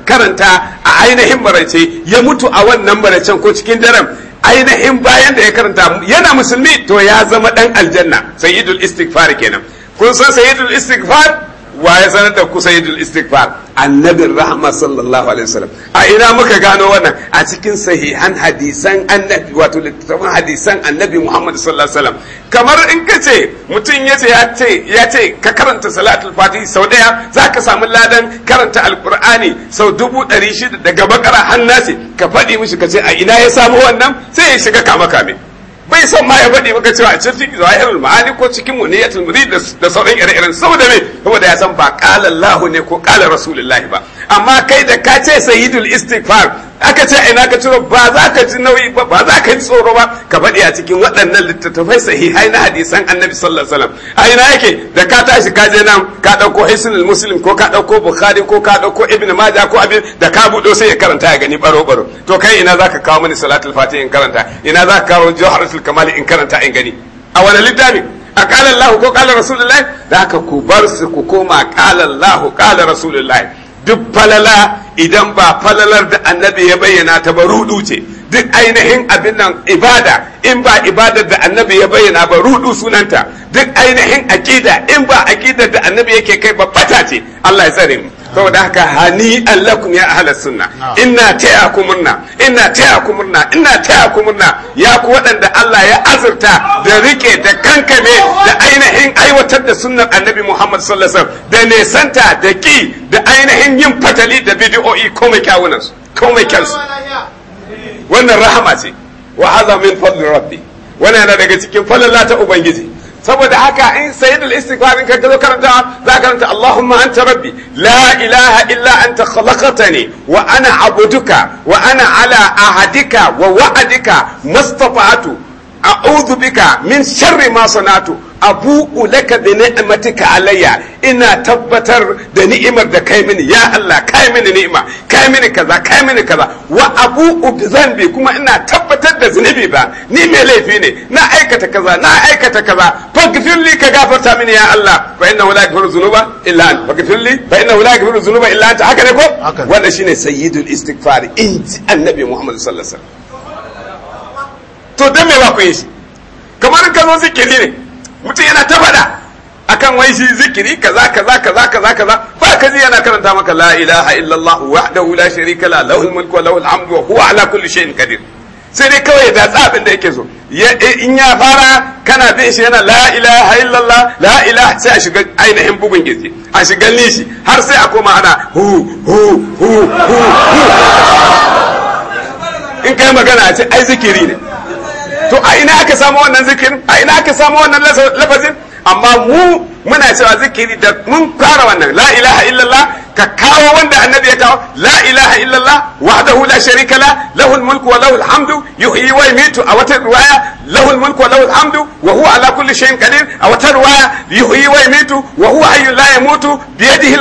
karanta a ainihin maraice ya mutu a wannan maraicen ko cikin daren ainihin bayan da ya karanta yana musulmi to ya zama dan aljanna sayyidul istighfar kenan kun san sayyidul istighfar wa ya sanar da kusa sayyidul istighfar annabin rahma sallallahu alaihi wasallam a ina muka gano wannan a cikin sahihan hadisan annabi wato littattafan hadisan annabi Muhammad sallallahu alaihi wasallam kamar in ka ce mutum ya ce ya ce ka karanta salatul fatihi sau daya zaka samu ladan karanta alqur'ani sau dubu ɗari shida daga bakara hannasi ka faɗi mishi ka ce a ina ya samu wannan sai ya shiga kame kame bai son ma ya bade maka cewa a cikin zahirul ma'ani ko cikin muniyatul murid da sauran ire-iren saboda me saboda ya san ba qala Allahu ne ko qala rasulullahi ba amma kai da ka ce sayyidul istighfar aka ce ina ka ciro ba za ka ji nauyi ba ba za ka ji tsoro ba ka faɗi a cikin waɗannan littattafai sahihai na hadisan annabi sallallahu alaihi wasallam a ina yake da ka tashi ka je nan ka ɗauko hisnul muslim ko ka ɗauko bukhari ko ka ɗauko ibn majah ko abin da ka buɗo sai ya karanta ya gani baro baro to kai ina za ka kawo mini salatul fatih in karanta ina za ka kawo jawharatul kamal in karanta in gani a wani littafin a ƙalar ko ƙalar rasulullahi da ka ku bar su ku koma ƙalar lahu ƙalar rasulullahi duk falala idan ba falalar da annabi ya bayyana ta ba rudu ce duk ainihin abin nan ibada in ba ibadar da annabi ya bayyana ba rudu sunanta duk ainihin aqida in ba aqidar da annabi yake kai ba bata ce Allah ya tsare mu saboda haka hani allakum ya ahlus sunna ah. ina taya ku murna ina taya ku murna ina taya ku murna ya ku waɗanda Allah ya azurta da rike da kankame da ainihin aiwatar da sunnar annabi Muhammad sallallahu alaihi wasallam da nesanta da ki da ainihin yin fatali da bid'o'i mai kyawunan su mai kyansu wannan rahama ce wa hadha min fadli rabbi wannan yana daga cikin falalata ta ubangiji saboda haka in sayyidul istighfar in ka karanta za ka karanta Allahumma anta rabbi la ilaha illa anta khalaqtani wa ana abuduka wa ana ala ahadika wa wa'adika mastata'tu a'udhu bika min sharri ma sana'tu abu ulaka bi ni'matika alayya ina tabbatar da ni'imar da kai mini ya Allah kai mini ni'ima kai mini kaza kai mini kaza wa abu bi zambi kuma ina tabbatar da zunubi ba ni mai laifi ne na aikata kaza na aikata kaza faghfirli ka gafarta mini ya Allah fa inna la yaghfiru dhunuba illa anta faghfirli fa inna la yaghfiru dhunuba illa anta haka ne ko wanda shine sayyidul istighfar in annabi Muhammad sallallahu alaihi wasallam to dan me ba ku yi shi kamar kazo zikiri ne mutum yana ta faɗa akan wai shi zikiri kaza kaza kaza kaza kaza ka ji yana karanta maka la ilaha illallah wahdahu la sharika la lahul mulku wa lahul hamdu wa huwa ala kulli shay'in qadir sai dai kawai da tsabin da yake so eh, in ya fara kana bin shi yana la ilaha illallah la ilaha sai a shiga ainihin bugun gizi a shiga nishi har sai a koma ana hu hu hu hu in kai magana a ce ai zikiri ne to a ina aka samu wannan zikirin a ina aka samu wannan lafazin amma mu muna cewa zikiri da mun fara wannan la ilaha illallah ka kawo wanda annabi ya kawo la ilaha illallah wahdahu la sharika la lahul mulku wa lahul hamdu yuhyi wa yumitu a wata riwaya lahul mulku wa lahul hamdu wa huwa ala kulli shay'in qadir a wata riwaya yuhyi wa yumitu wa huwa la yamutu bi yadihi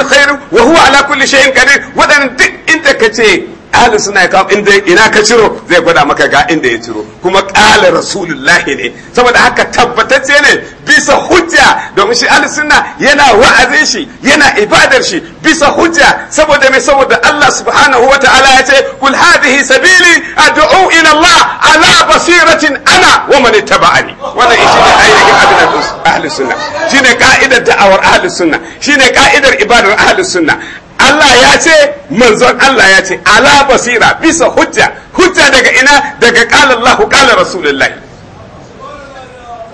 wa huwa ala kulli shay'in qadir wadan duk inda kace ahlus suna ya kawo inda ina ka ciro zai gwada maka ga inda ya ciro kuma ƙala rasulullahi ne saboda haka tabbatacce ne bisa hujja domin shi suna yana wa'azin shi yana ibadar shi bisa hujja saboda mai saboda Allah subhanahu wa ta'ala ya ce kul hadihi sabili ad'u ila Allah ala basiratin ana wa man ittaba'ani wannan shi ne ainihin abin ahlus sunna shine ka'idar da'awar ahlus sunna shine ka'idar ibadar ahlisunna. sunna Allah ya ce manzon Allah ya ce ala basira bisa hujja hujja daga ina daga kala Allah kala rasulullahi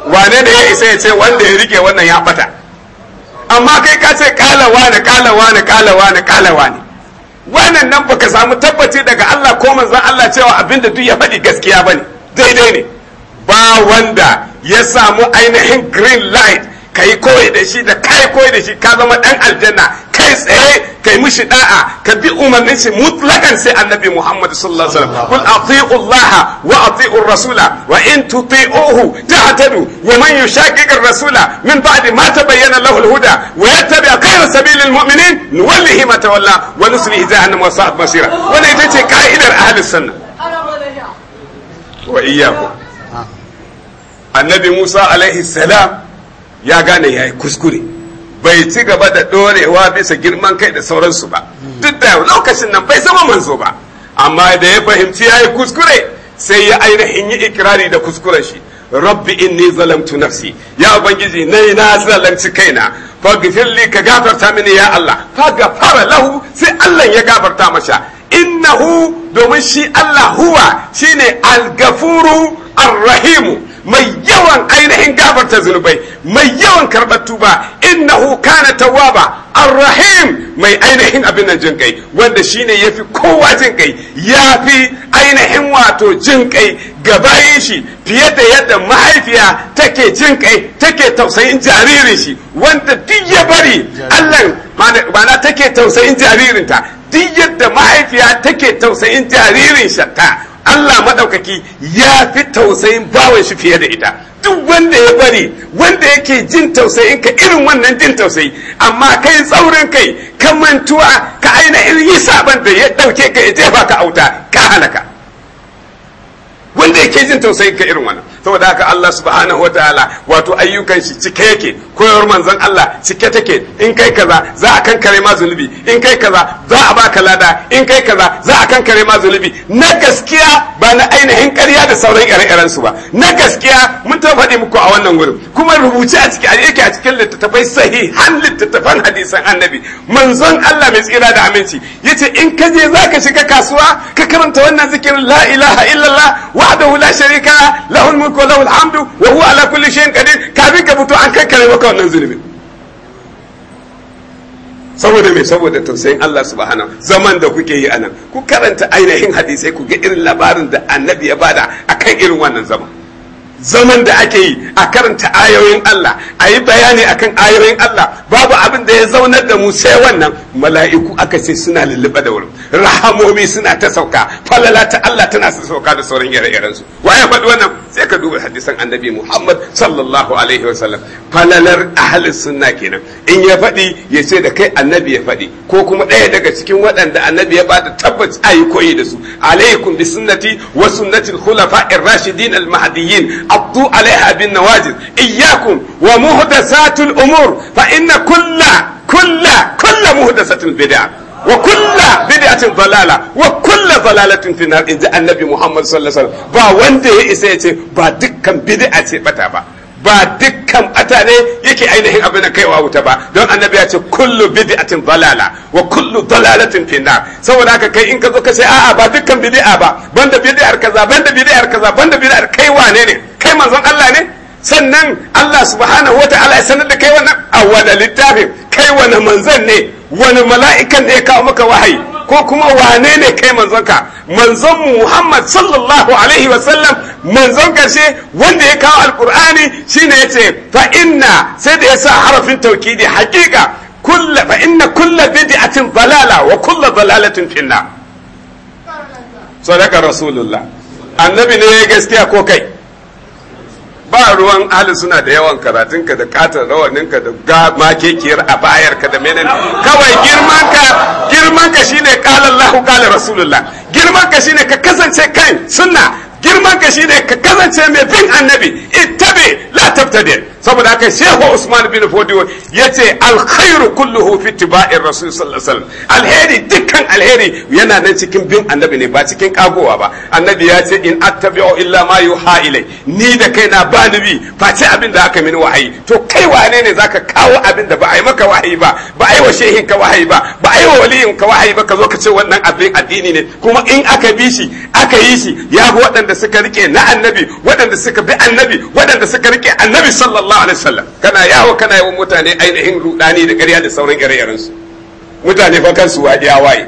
wane ne ya isa ya ce wanda ya rike wannan ya bata amma kai ka ce kala wane kala wane kala wane kala wane wannan nan baka samu tabbaci daga Allah ko manzon Allah cewa abinda duk ya faɗi gaskiya bane daidai ne ba wanda ya samu ainihin green light ka koyi da shi da ka koyi da shi ka zama dan aljanna kai tsaye kai mishi da'a ka bi umarnin shi mutlakan sai annabi Muhammad sallallahu alaihi wasallam kul ati'u Allah wa ati'u rasula wa in tuti'uhu tahtadu wa man yushaqiq ar-rasula min ba'di ma tabayyana lahu al-huda wa yattabi' khayra sabilil mu'minin nuwallihi ma tawalla wa nuslihi jahannam wa sa'at masira wannan ita ce ka'idar ahlus sunna wa iyyakum annabi Musa alaihi salam ya gane yayi kuskure bai ci gaba da ɗorewa bisa girman kai da sauransu ba duk da lokacin nan bai zama manzo ba amma da ya fahimci ya yi kuskure sai ya ainihin yi ikirari da kuskuren shi rabbi inni zalamtu nafsi ya ubangiji nai na zalamci kaina faghfir li ka gafarta mini ya Allah fa gafara lahu sai Allah ya gafarta masa innahu domin shi Allah huwa shine al-gafuru ar-rahimu mai yawan ainihin gafarta zunubai mai yawan karɓar tuba innahu kana tawwaba arrahim mai ainihin abin nan jin kai wanda shine yafi kowa jin kai yafi ainihin wato jin kai gabayin shi fiye da yadda mahaifiya take jin take tausayin jaririn shi wanda duk ya bari Allah mana take tausayin jaririnta duk yadda mahaifiya take tausayin jaririn shatta Allah maɗaukaki ya fi tausayin bawan shi fiye da ita duk wanda ya bari wanda yake jin tausayin ka irin wannan jin tausayi amma kai tsaurin kai ka mantuwa ka aina yi saban da ya ɗauke ka ya jefa ka auta ka halaka wanda yake jin tausayin ka irin wannan saboda haka Allah subhanahu wataala wato ayyukan shi cike yake koyar manzon Allah cike take in kai kaza za a kankare ma zulubi in kai kaza za a baka lada in kai kaza za a kankare ma zulubi na gaskiya ba na ainihin ƙarya da sauran ire-iren su ba na gaskiya mun ta faɗi muku a wannan wurin kuma rubuce a ciki yake a cikin littattafai sahihan littattafan hadisan annabi manzon Allah mai tsira da aminci yace in ka je zaka shiga kasuwa ka karanta wannan zikirin la ilaha illallah wahdahu la sharika lahu mulku wa lahul hamdu wa huwa ala kulli shay'in qadir kafin ka fito an kare maka wannan zulubin saboda me saboda tausayin Allah subhanahu zaman da kuke yi anan ku karanta ainihin hadisai ku ga irin labarin da annabi ya bada akan irin wannan zaman zaman da ake yi a karanta ayoyin Allah a yi bayani akan ayoyin Allah babu abin da ya zaunar da mu sai wannan mala'iku aka ce suna lulluɓe da wurin rahamomi suna ta sauka falala ta Allah tana su sauka da sauran ire-irensu waye faɗi wannan sai ka duba hadisan annabi Muhammad sallallahu alaihi wasallam falalar ahli sunna kenan in ya faɗi ya ce da kai annabi ya faɗi ko kuma ɗaya daga cikin waɗanda annabi ya bada tabbaci ayi koyi da su alaikum bi sunnati wa sunnati khulafa khulafair rashidin al-mahdiyyin abdu alaiha bin nawajid iyyakum wa muhdathatul umur fa inna kulla kulla kulla muhdathatin bid'ah wa kulla bid'atin balala wa kulla balalatin fi nar inji annabi Muhammad sallallahu alaihi wasallam ba wanda ya isa ya ce ba dukkan bid'a ce bata ba ba dukkan bata ne yake ainihin abin da kaiwa wuta ba don annabi ya ce kullu bid'atin balala wa kullu dalalatin fi nar saboda haka kai in ka zo ka ce a'a ba dukkan bid'a ba banda bid'ar kaza banda bid'ar kaza banda bid'ar kai wane ne kai manzon Allah ne sannan Allah subhanahu wa ta'ala ya sanar da kai wannan a littafin kai wani manzon ne wani mala'ikan ne ya kawo maka wahayi ko kuma wane ne kai manzonka manzon Muhammad sallallahu alaihi wa sallam manzon karshe wanda ya kawo alkur'ani shine yace fa inna sai da yasa harafin tawkidi haqiqa kulla fa inna kull bid'atin dalala wa kulla dalalatin finna sadaka rasulullah annabi ne gaskiya ko kai ba ruwan ahli suna da yawan karatunka da katar rawaninka da ga makekiyar a ka da menene kawai girman girman ka shine qala Allahu qala Rasulullah girmanka shine ka kasance kan sunna girman ka shine ka kasance mai bin annabi ittabi la tabtadi saboda haka shehu usman bin fodiyo yace alkhairu kulluhu fi tiba'ir rasul sallallahu alaihi wasallam alheri dukkan alheri yana nan cikin bin annabi ne ba cikin kagowa ba annabi ya ce in attabi'u illa ma yuha ilai ni da kai ba ni bi face abin da aka mini wahayi to kai wane ne zaka kawo abin da ba a yi maka wahayi ba ba a yi wa shehin ka wahayi ba ba a yi wa waliyin ka wahayi ba ka zo ka ce wannan abin addini ne kuma in aka bi shi aka yi shi ya ga waɗanda waɗanda suka rike na annabi waɗanda suka bi annabi waɗanda suka rike annabi sallallahu alaihi wasallam kana yawo kana yawan mutane ainihin rudani da ƙarya da sauran ire su mutane fa kansu waje waye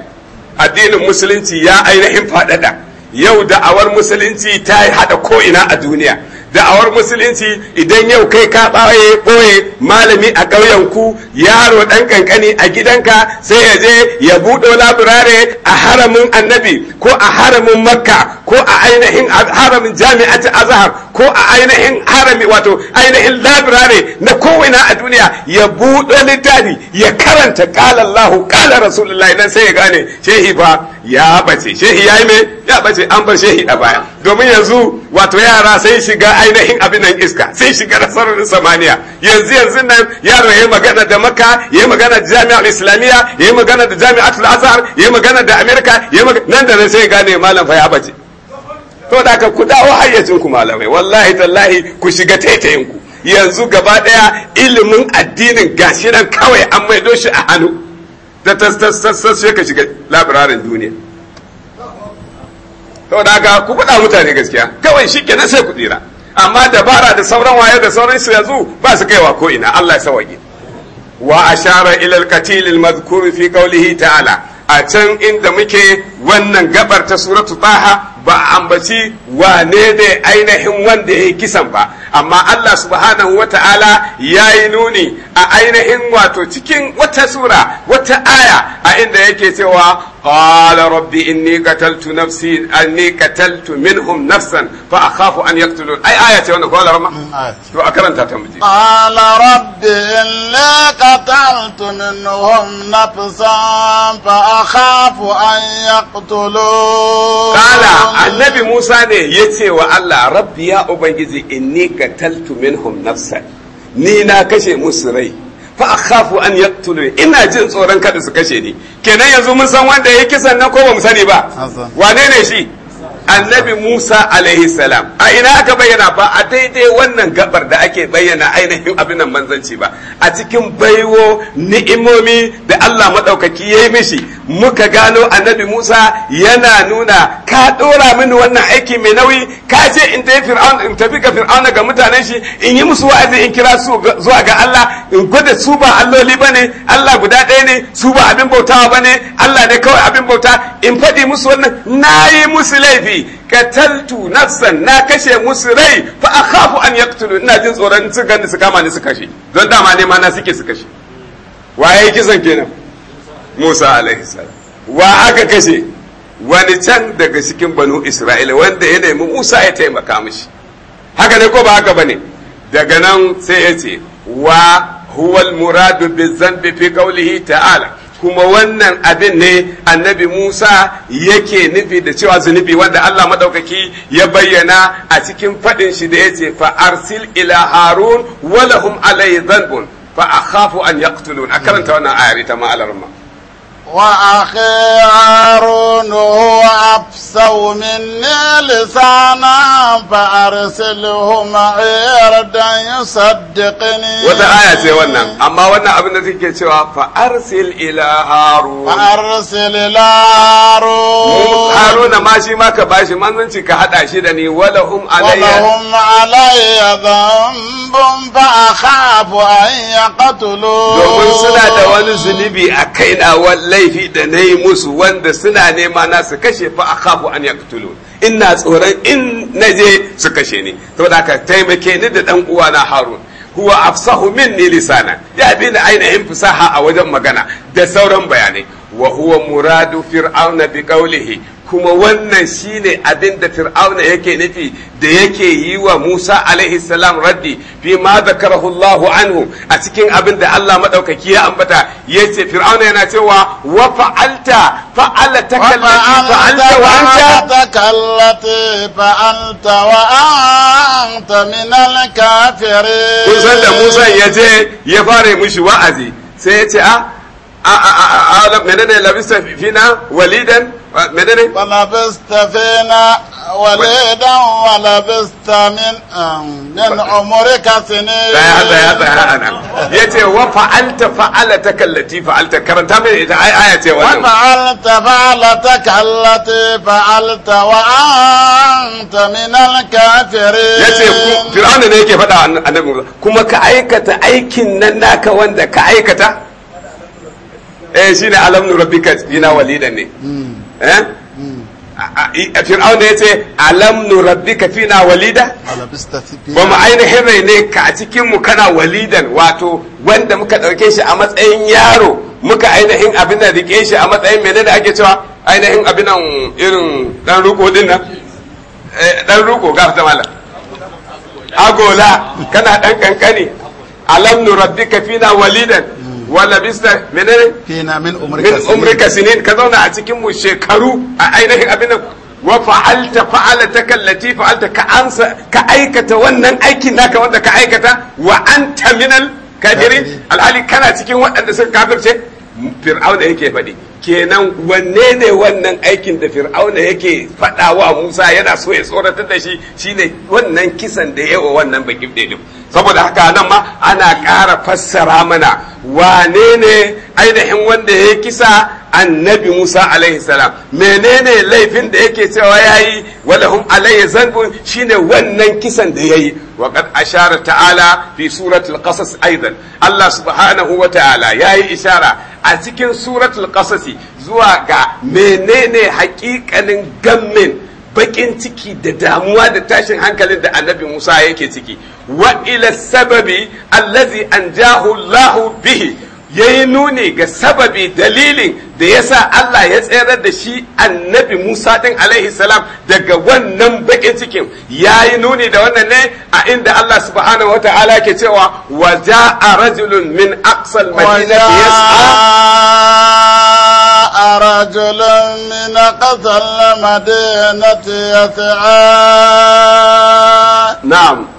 addinin musulunci ya ainihin faɗaɗa yau da'awar musulunci ta haɗa ko ina a duniya da'awar musulunci idan yau kai ka ɓaye ɓoye malami a ƙauyenku yaro ɗan ƙanƙani a gidanka sai ya je ya buɗo laburare a haramin annabi ko a haramin makka ko a ainihin haramin ta azhar ko a ainihin harami wato ainihin labirare na kowina a duniya ya buɗe littafi ya karanta ƙala Allahu ƙala Rasulullahi nan sai ya gane shehi fa ya bace shehi ya yi mai ya bace an bar shehi a baya domin yanzu wato yara sai shiga ainihin abin nan iska sai shiga sararin samaniya yanzu yanzu nan yaro ya magana da maka ya magana da jami'ar islamiyya ya magana da jami'atul azhar ya magana da amerika ya nan da nan sai ya gane malam fa ya bace to da ka ku dawo hayyacin ku malamai wallahi tallahi ku shiga taitayin yanzu gaba daya ilimin addinin gashi nan kawai an mai shi a hannu da tastastas sai ka shiga labirarin duniya to da ka ku faɗa mutane gaskiya kawai shi na sai ku tsira amma dabara da sauran waye da sauran su yanzu ba su kaiwa ko ina Allah ya sawage wa ashara ila alqatil almadhkur fi qawlihi ta'ala a can inda muke wannan gabar ta suratu taha ba a ambaci wane ne ainihin wanda ya yi kisan ba amma Allah subhanahu wa ta'ala ya yi nuni ainihin wato cikin wata sura wata aya a inda yake cewa qala rabbi inni qataltu nafsi anni qataltu minhum nafsan fa akhafu an yaqtulun ai aya ce wannan qala rabbi mm, to a karanta ta muje qala rabbi inni qataltu minhum nafsan fa akhafu an yaqtulun qala annabi Musa ne yace wa Allah rabbi ya ubangiji inni qataltu minhum nafsan ni na kashe musu rai fa akhafu an yaqtulu ina jin tsoron kada su kashe ni kenan yanzu mun san wanda ya kisan nan ko ba mu sani ba wane ne shi annabi Musa alaihi salam a ina aka bayyana ba a daidai wannan gabar da ake bayyana ainihin abin nan manzanci ba a cikin baiwo ni'imomi da Allah madaukaki ya yi mishi muka gano annabi Musa yana nuna ka dora mini wannan aiki mai nauyi ka ce in tafi fir'aun in tafi ka fir'aun ga mutanen shi in yi musu wa'azi in kira su zuwa ga Allah in gwada su ba alloli bane Allah guda ɗaya ne su ba abin bautawa bane Allah ne kawai abin bauta in faɗi musu wannan na yi musu laifi kataltu nafsan na kashe musu rai fa akhafu an yaqtulu ina jin tsoron su gani su kama ni su kashe don dama ne ma na suke su kashe waye kisan kenan Musa alaihi salam wa aka kashe wani can daga cikin banu isra'ila wanda ya nemi musa ya taimaka mishi haka ne ko ba haka bane daga nan sai ya ce wa huwal muradu bi zambi fi qawlihi ta'ala kuma wannan abin ne annabi Musa yake nufi da cewa zunubi wanda Allah maɗaukaki ya bayyana a cikin faɗin shi da ya ce fa'arsil ila harun walahum alayhi zanbun fa akhafu an yaqtulun a karanta wannan ayar ta ma'alarma وأخي عارون هو أفسو مني لسانا فأرسله معي ردا يصدقني وذا آية سي ونن أما ونن أبن نتيجة شوى فأرسل إلى هارون فأرسل إلى هارون هارون ما شي ما كباشي ما ننشي كحد شدني ولهم علي ولهم علي ذنب فأخاف أن يقتلون دومن سنة دوان زنبي أكينا والله laifi da na yi musu wanda suna nema na su kashe fa akhafu an yaqtulu ina tsoron in na je su kashe ni saboda haka taimake ni da dan na harun huwa afsahu minni lisana ya bi ni ainihin fasaha a wajen magana da sauran bayanai wa huwa muradu fir'auna bi qawlihi kuma wannan shine abin da fir'auna yake nufi da yake yi wa Musa alaihi salam raddi fi ma zakarahu Allah anhu a cikin abin da Allah madaukaki ya ambata yace fir'auna yana cewa wa fa'alta fa'alata kallati fa'alta wa anta min al-kafirin kun da Musa yaje ya fara mushi wa'azi sai ya ce a ah, menene labista fina walidan menene walabista fina walidan walabista min um, min umrika sinin daya daya daya wa fa'alta fa'alata kallati fa'alta karanta mai ita aya ce wannan wa fa'alta fa'alata kallati fa'alta wa anta min fir'auna ne yake faɗa annabi kuma ka aikata aikin nan naka wanda ka aikata eh ne hmm. eh? hmm. alam nu rabbika na walida ne eh fir'aun da ce alam nu fi fina walida ba mu ainihin ne ka a cikin mu kana walidan wato wanda muka dauke shi a matsayin yaro muka ainihin abin da rike shi a matsayin da ake cewa ainihin abin irin dan ruko din nan dan eh, ruko ga ta malam agola kana dan kankani alam nu fi fina walidan wala bista menene fina min umrika min umrika sinin ka zauna a cikin mu shekaru a ainihin abin da wa fa'alta fa'alata kallati fa'alta ka ansa ka aikata wannan aikin naka wanda ka aikata wa anta al kafirin alhali kana cikin waɗanda suka kafirce fir'auna yake faɗi kenan wanne ne wannan aikin da fir'auna yake faɗawa musa yana so ya tsoratar da shi shine wannan kisan da yawa wannan bakin ɗaiɗin saboda haka nan ma ana ƙara fassara mana wane ne ainihin wanda ya kisa annabi musa alaihi salam menene laifin da yake cewa ya yi walahum alaihi zanbun shine wannan kisan da ya yi waƙad ashara ta'ala fi suratul qasas aidan allah subhanahu wa ta'ala ya yi ishara a cikin suratul qasasi zuwa ga menene haƙiƙanin gammin bakin ciki da damuwa da tashin hankalin da annabi Musa yake ciki wa ila sababi allazi anjahu Allahu bihi yayi nuni ga sababi dalilin da yasa Allah ya tsayar da shi annabi Musa din alaihi salam daga wannan bakin cikin yayi nuni da wannan ne a inda Allah subhanahu wataala ke cewa waja'a rajulun min aqsal madinati yas'a رجلا من قتل مدينة يسعى نعم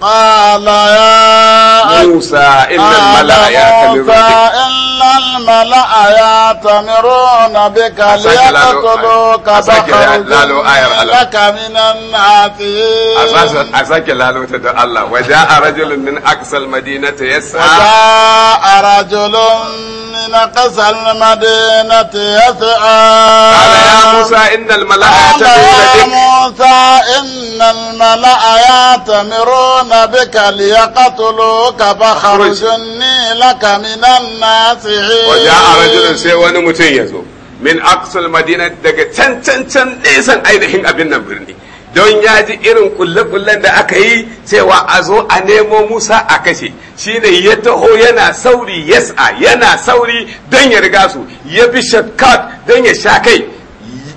قال يا موسى إن الملأ يأتمرون إن الملأ يأتمرون بك ليقتلوك لك آية من الناس أساك لالو تدعى الله وجاء رجل من أقصى المدينة يسعى وجاء رجل من أقصى المدينة يسعى قال يا موسى إن الملأ يأتمرون بك يا موسى إن الملأ يأتمرون هم بك ليقتلوك فاخرجني لك من الناصحين وجاء رجل سي متين يزو من اقصى المدينه daga can can can nisan ainihin abin nan birni don ya ji irin kulle-kullen da aka yi cewa a zo a nemo Musa a kashe shine ya taho yana sauri yas'a yana sauri don ya riga su ya bi shakkat don ya sha kai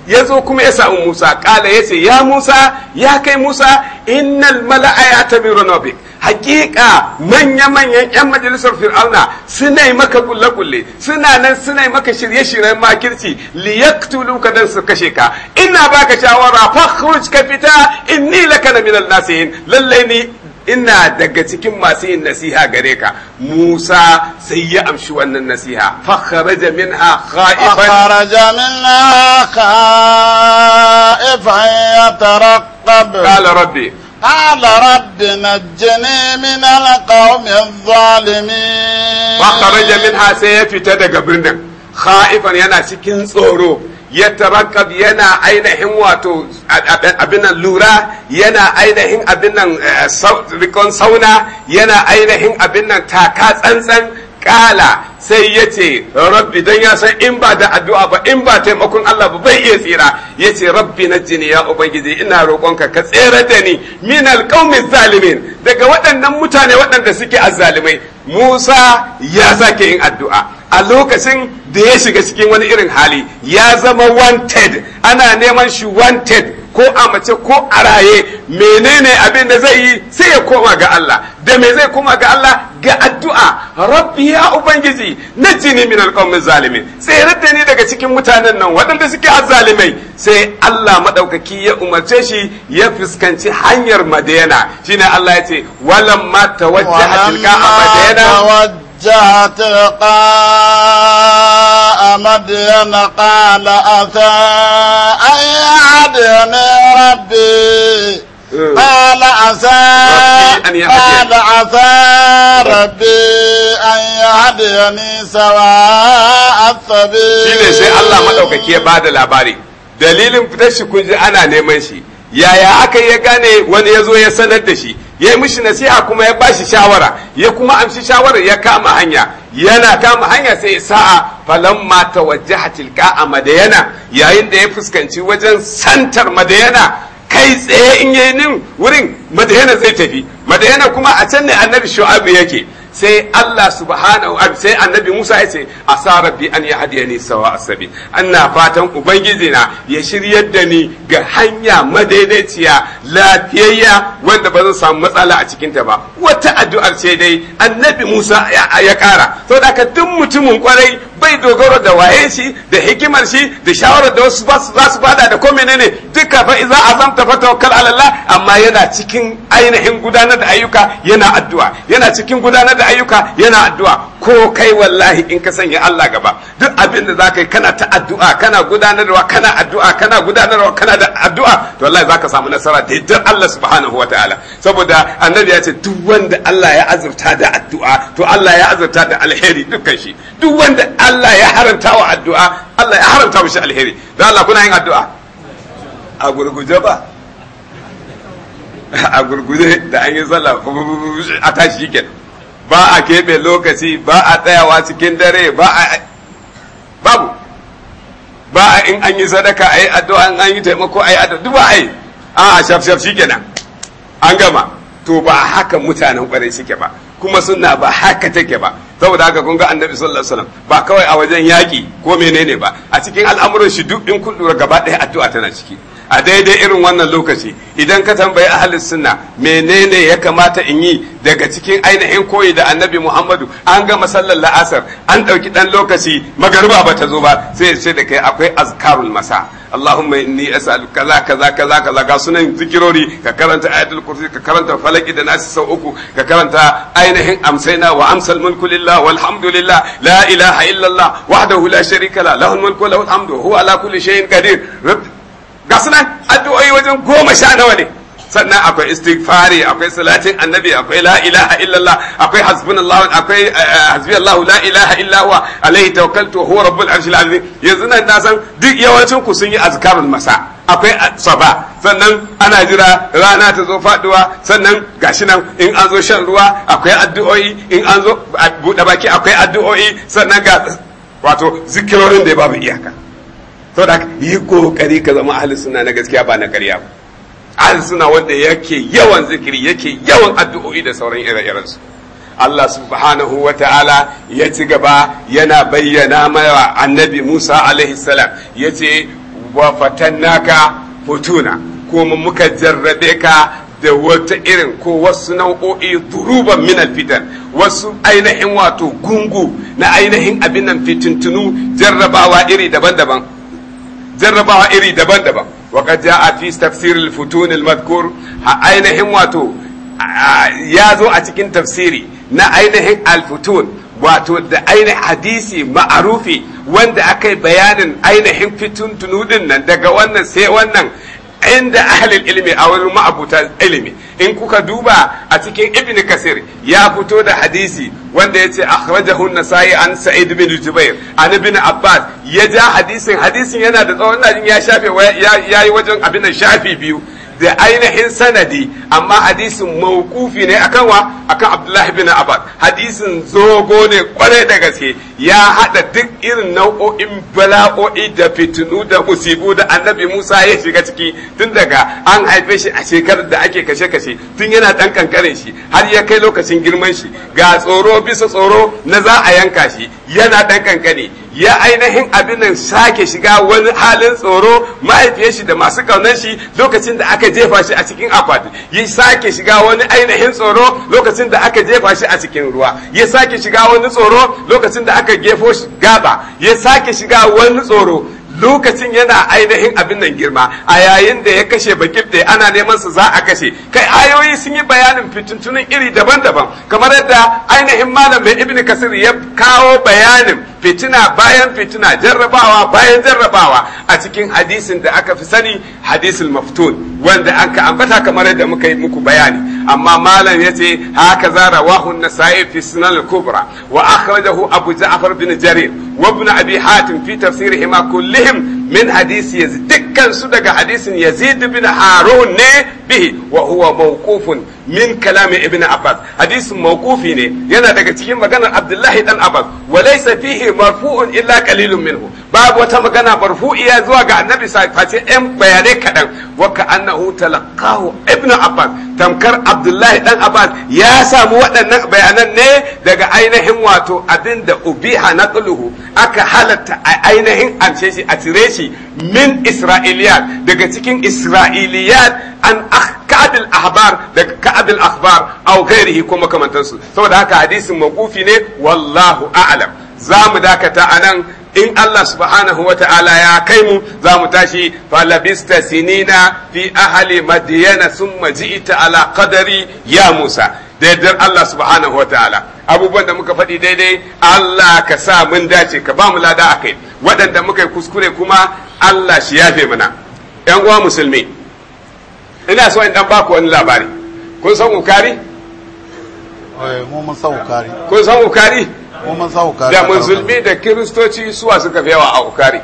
ya zo kuma ya samu Musa ƙala ya ce ya Musa ya kai Musa innal mala'a ya tabiru nabik hakika manya-manyan 'yan majalisar fir'auna suna yi maka kulle-kulle suna nan suna yi maka shirye-shiryen makirci liyaktulu ka dan su kashe ka ina baka shawara fakhruj ka fita in ni laka na minal nasihin lallai ni ina daga cikin masu yin nasiha gare ka Musa sai ya amshi wannan nasiha fakharaja minha khaifan kharaja minha khaifan yatarqab qala rabbi قال رب نجني من القوم sai ya fita daga birnin. kha'ifan yana cikin tsoro ya tarakkab yana ainihin wato abinan lura yana ainihin abinan eh, rikon sauna yana ainihin abinan taka tsantsan kala sai ya ce rabbi don ya san in ba da addu'a ba in ba taimakon Allah ba bai iya tsira ya ce rabbi na jini ya ubangiji ina roƙonka ka tsere da ni min alƙaumin zalimin daga waɗannan mutane waɗanda suke azzalimai musa ya sake yin addu'a a lokacin da ya shiga cikin wani irin hali ya zama wanted ana neman shi wanted ko a mace ko a raye menene abin da zai yi sai ya koma ga Allah da me zai koma ga Allah ga addu'a rabbi ya ubangiji na jini min alqawmi zalimi sai radda ni daga cikin mutanen nan waɗanda suke azzalimai sai Allah madaukaki ya umarce shi ya fuskanci hanyar shi shine Allah ya ce walamma tawajjaha tilka a وجه تلقاء مدين قال أتى أن يعدني ربي قال عسى قال عسى ربي أن يهديني سواء السبيل shine sai Allah madaukaki ya bada labari dalilin fitar shi ana neman shi yaya aka ya gane wani ya zo ya sanar da shi ya yi mishi nasiha kuma ya bashi shawara ya kuma amshi shawara ya kama hanya yana kama hanya sai sa'a falan waje tawajjaha tilka a madayana yayin da ya fuskanci wajen santar madayana kai tsaye in yayi nin wurin madayana zai tafi madayana kuma a can ne annabi shu'abu yake sai Allah subhanahu wa sai annabi Musa ya ce asa rabbi an ya hadiya ni sawa asabi ana fatan ubangiji na ya shiryar da ni ga hanya madaidaiciya lafiyayya wanda ba zan samu matsala a cikinta ba wata addu'ar ce dai annabi Musa ya kara saboda ka duk mutumin kwarai bai dogaro da waye shi da hikimar shi da shawarar da wasu za su bada da kome ne duka fa iza ta fa tawakkal ala Allah amma yana cikin ainihin gudanar da ayyuka yana addu'a yana cikin gudanar da ayyuka yana addu'a ko kai wallahi in ka sanya Allah gaba duk abin da za ka yi kana ta addu'a kana gudanarwa kana addu'a kana gudanarwa kana da addu'a to wallahi za ka samu nasara da yardar Allah subhanahu wa ta'ala saboda annabi ya ce duk wanda Allah ya azurta da addu'a to Allah ya azurta da alheri dukkan shi duk wanda Allah ya haramta wa addu'a Allah ya haramta mishi alheri don Allah kuna yin addu'a a gurguje ba a gurguje da an yi sallah a tashi kenan ba a keɓe lokaci ba a tsayawa cikin dare ba a babu ba a in an yi sadaka a yi addu'a an yi taimako a yi addu'a duk ba a yi a shaf shaf shikenan an gama to ba haka mutanen kwarai suke ba kuma sunna ba haka take ba saboda haka kun ga annabi sallallahu alaihi wasallam ba kawai a wajen yaki ko menene ba a cikin al'amuran shi duk in kun lura gaba ɗaya addu'a tana ciki a daidai irin wannan lokaci idan ka tambayi ahalin sunna menene ya kamata in yi daga cikin ainihin koyi da annabi muhammadu an gama masallar la'asar an ɗauki ɗan lokaci magariba ba ta zo ba sai ce da kai akwai azkarul masa allahumma inni as'alu kaza kaza kaza kaza ga sunan zikirori ka karanta ayatul kursi ka karanta falaki da nasi sau uku ka karanta ainihin amsaina wa amsal mulku lillah walhamdulillah la ilaha illallah wahdahu la sharika la lahul mulku lahul hamdu huwa ala kulli shay'in qadir ga suna addu'o'i wajen goma sha nawa ne sannan akwai istighfari akwai salatin annabi akwai la ilaha illallah akwai hasbunallah akwai eh, eh, hasbiyallahu la ilaha illa huwa alaihi tawakkaltu huwa rabbul arshil azim yanzu nan na san duk yawancin ku sun yi azkarul masa akwai saba sannan ana jira rana ta zo faduwa sannan gashi nan in an zo shan ruwa akwai addu'o'i in an zo buɗe baki akwai addu'o'i sannan ga wato zikirorin da babu iyaka saboda yi kokari ka zama ahli suna na gaskiya ba na ƙarya ba ahli sunna wanda yake yawan zikiri yake yawan addu'o'i da sauran ire-iren Allah subhanahu wa ta'ala ya ci gaba yana bayyana mawa annabi Musa alaihi salam ya ce wa fatannaka futuna kuma muka jarrabe ka da wata irin ko wasu nau'o'i duruban minal alfitan wasu ainihin wato gungu na ainihin abin nan fitintunu jarrabawa iri daban-daban jarrabawa iri daban-daban waqad jaa fi tafsir al-futun al ainihin wato ya zo a cikin tafsiri na ainihin alfutun futun wato da ainihin hadisi ma'arufi wanda aka yi bayanin ainihin fitun tunudin nan daga wannan sai wannan inda ahlil ilimi a wurin ma'abuta ilimi in kuka duba a cikin ibn kasir ya fito da hadisi wanda ya ce akhrajahu nasai an sa'id bin jubair an ibn abbas ya ja hadisin hadisin yana da tsawon najin ya shafe ya yi wajen abin shafi biyu da ainihin sanadi amma hadisin mawkufi ne akan wa akan Abdullahi bin Abbas hadisin zogo ne kwarai da gaske ya hada duk irin nau'o'in bala'o'i da fitinu da musibu da Annabi Musa ya shiga ciki tun daga an haife shi a shekarar da ake kashe kashe tun yana dan kankanin shi har ya kai lokacin girman shi ga tsoro bisa tsoro na za a yanka shi yana dan kankane ya ainihin abin nan sake shiga wani halin tsoro mahaifiyar shi da masu kaunar shi lokacin da aka aka jefa shi a cikin akwati ya sake shiga wani ainihin tsoro lokacin da aka jefa shi a cikin ruwa ya sake shiga wani tsoro lokacin da aka gefo shi gaba ya sake shiga wani tsoro lokacin yana ainihin abin nan girma a yayin da ya kashe da ana neman su za a kashe kai ayoyi sun yi bayanin fitintunin iri daban-daban kamar yadda ainihin malam mai ibn kasir ya kawo bayanin fitina bayan fitina jarrabawa bayan jarrabawa a cikin hadisin da aka fi sani hadisul maftun wanda an ka ambata kamar yadda muka yi muku bayani amma malam ya ce haka za rawahu nasa'i fi sunan kubra wa akhrajahu abu ja'far bin jarir wa ibn abi hatim fi tafsirihima kullihim min hadisi yazid dukkansu daga hadisin yazid bin harun ne bihi wa huwa mawqufun min kalami ibn abbas hadisin mawqufi ne yana daga cikin maganar abdullahi dan abbas wa laysa fihi marfu'un illa qalilun minhu babu wata magana marfu'iya zuwa ga annabi face yan bayanai kaɗan waka annahu talaqahu ibn abbas tamkar abdullahi dan abbas ya samu waɗannan bayanan ne daga ainihin wato abin da ubiha naqluhu aka halatta a ainihin amshe shi a cire shi min isra'iliyat daga cikin isra'iliyat an ka'abil ahbar daga ka'abil akhbar aw ghairihi ko makamantansu saboda haka hadisin magufi ne wallahu a'lam za mu dakata anan in Allah subhanahu wa ta'ala ya kai mu za mu tashi falabista sinina fi ahali madiyana summa ji'ita ala qadari ya Musa da yardar Allah subhanahu wa ta'ala abubuwan da muka faɗi daidai Allah ka sa mun dace ka ba mu lada akai waɗanda muka yi kuskure kuma Allah shi yafe mana ‘yan uwa musulmi ina so in dan baku wani labari kun san ukari? Eh, mun san ukari kun san ukari? da musulmi da kiristoci suwa suka fi yawa a hukari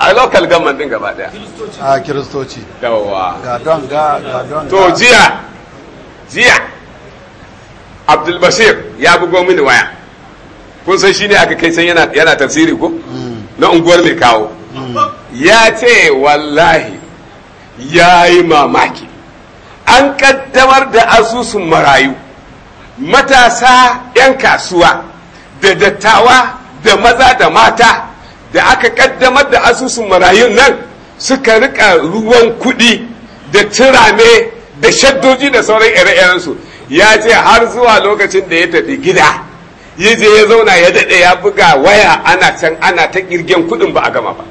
a local government din gaba daya a kiristoci yawa ga don ga don to jiya jiya abdulbashir ya bugo mini waya kun san shi ne aka kai san yana tafsiri ko mm. na unguwar mai kawo mm. ya ce wallahi ya yi mamaki an kaddamar da asusun marayu matasa 'yan kasuwa da dattawa da maza da mata da aka kaddamar da asusun marayun nan suka rika ruwan kuɗi da turame da shaddoji da sauran ire-irensu ya ce har zuwa lokacin da ya tafi gida ya je ya zauna ya daɗe ya buga waya ana can ana ta kirgen kuɗin ba a gama ba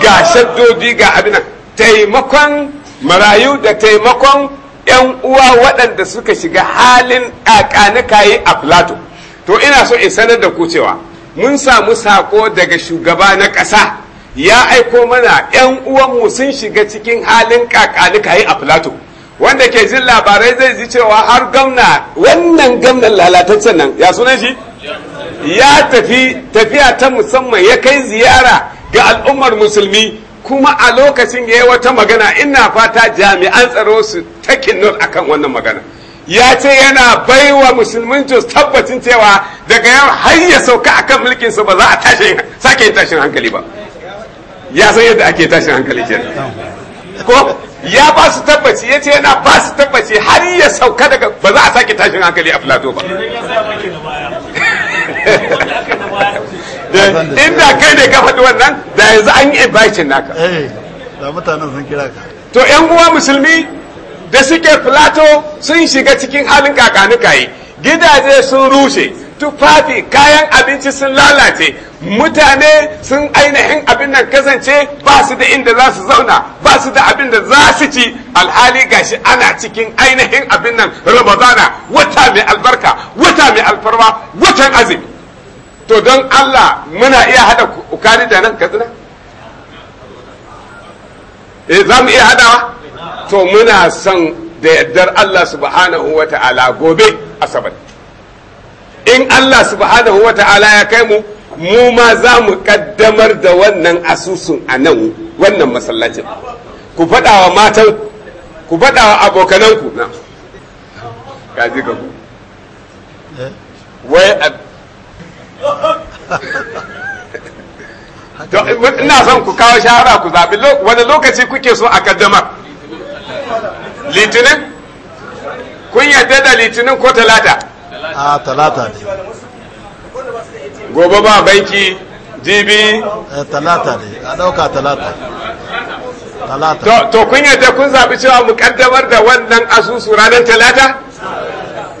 ga shaddoji ga abinan taimakon marayu da taimakon 'yan uwa waɗanda suka shiga halin ƙaƙanikaye a plato to ina so in sanar da kucewa mun samu sako daga shugaba na ƙasa ya aiko mana 'yan uwanmu sun shiga cikin halin ƙaƙanikaye a plato wanda ke jin labarai zai ji cewa har gamna wannan gamnan lalataccen nan ya sunan shi ya tafi tafiya ta musamman ya kai ziyara ga al'ummar musulmi kuma a lokacin ya yi wata magana ina fata jami'an tsaro su takin nur akan wannan magana ya ce yana baiwa musulmin jos tabbacin cewa daga yau har ya sauka akan mulkin su ba za a tashi sake yin tashin hankali ba ya san yadda ake tashin hankali kenan ko ya ba su tabbaci ya ce yana ba su tabbaci har ya sauka daga ba za a sake tashin hankali a plateau ba inda kai ne ka faɗi wannan da yanzu an yi invitin naka eh, da mutanen sun kira ka to yan uwa musulmi da suke plato sun shiga cikin halin yi gidaje sun rushe tufafi kayan abinci sun lalace mutane sun ainihin abin nan kasance ba su da inda za su zauna ba su da abin da za su ci alhali gashi ana cikin ainihin abin nan ramadana wata mai albarka wata mai alfarwa watan azumi to don Allah muna iya hada ukari da nan katsina eh za mu iya hadawa to muna son da yaddar Allah subhanahu wa ta'ala gobe asabar in Allah subhanahu wa ta'ala ya kai mu mu ma za mu kaddamar da wannan asusun a nan wannan masallacin ku faɗa wa matan ku faɗa wa abokananku na ji ka ku eh. wai Eh, ina son ku kawo shahara ku zaɓi wani lokaci kuke so a kaddamar litinin kun yadda da litinin ko talata a talata ne gobe ba banki jibi eh, talata ne a ɗauka talata talata to kun yadda kun zaɓi cewa mu kaddamar da wannan asusu ranar talata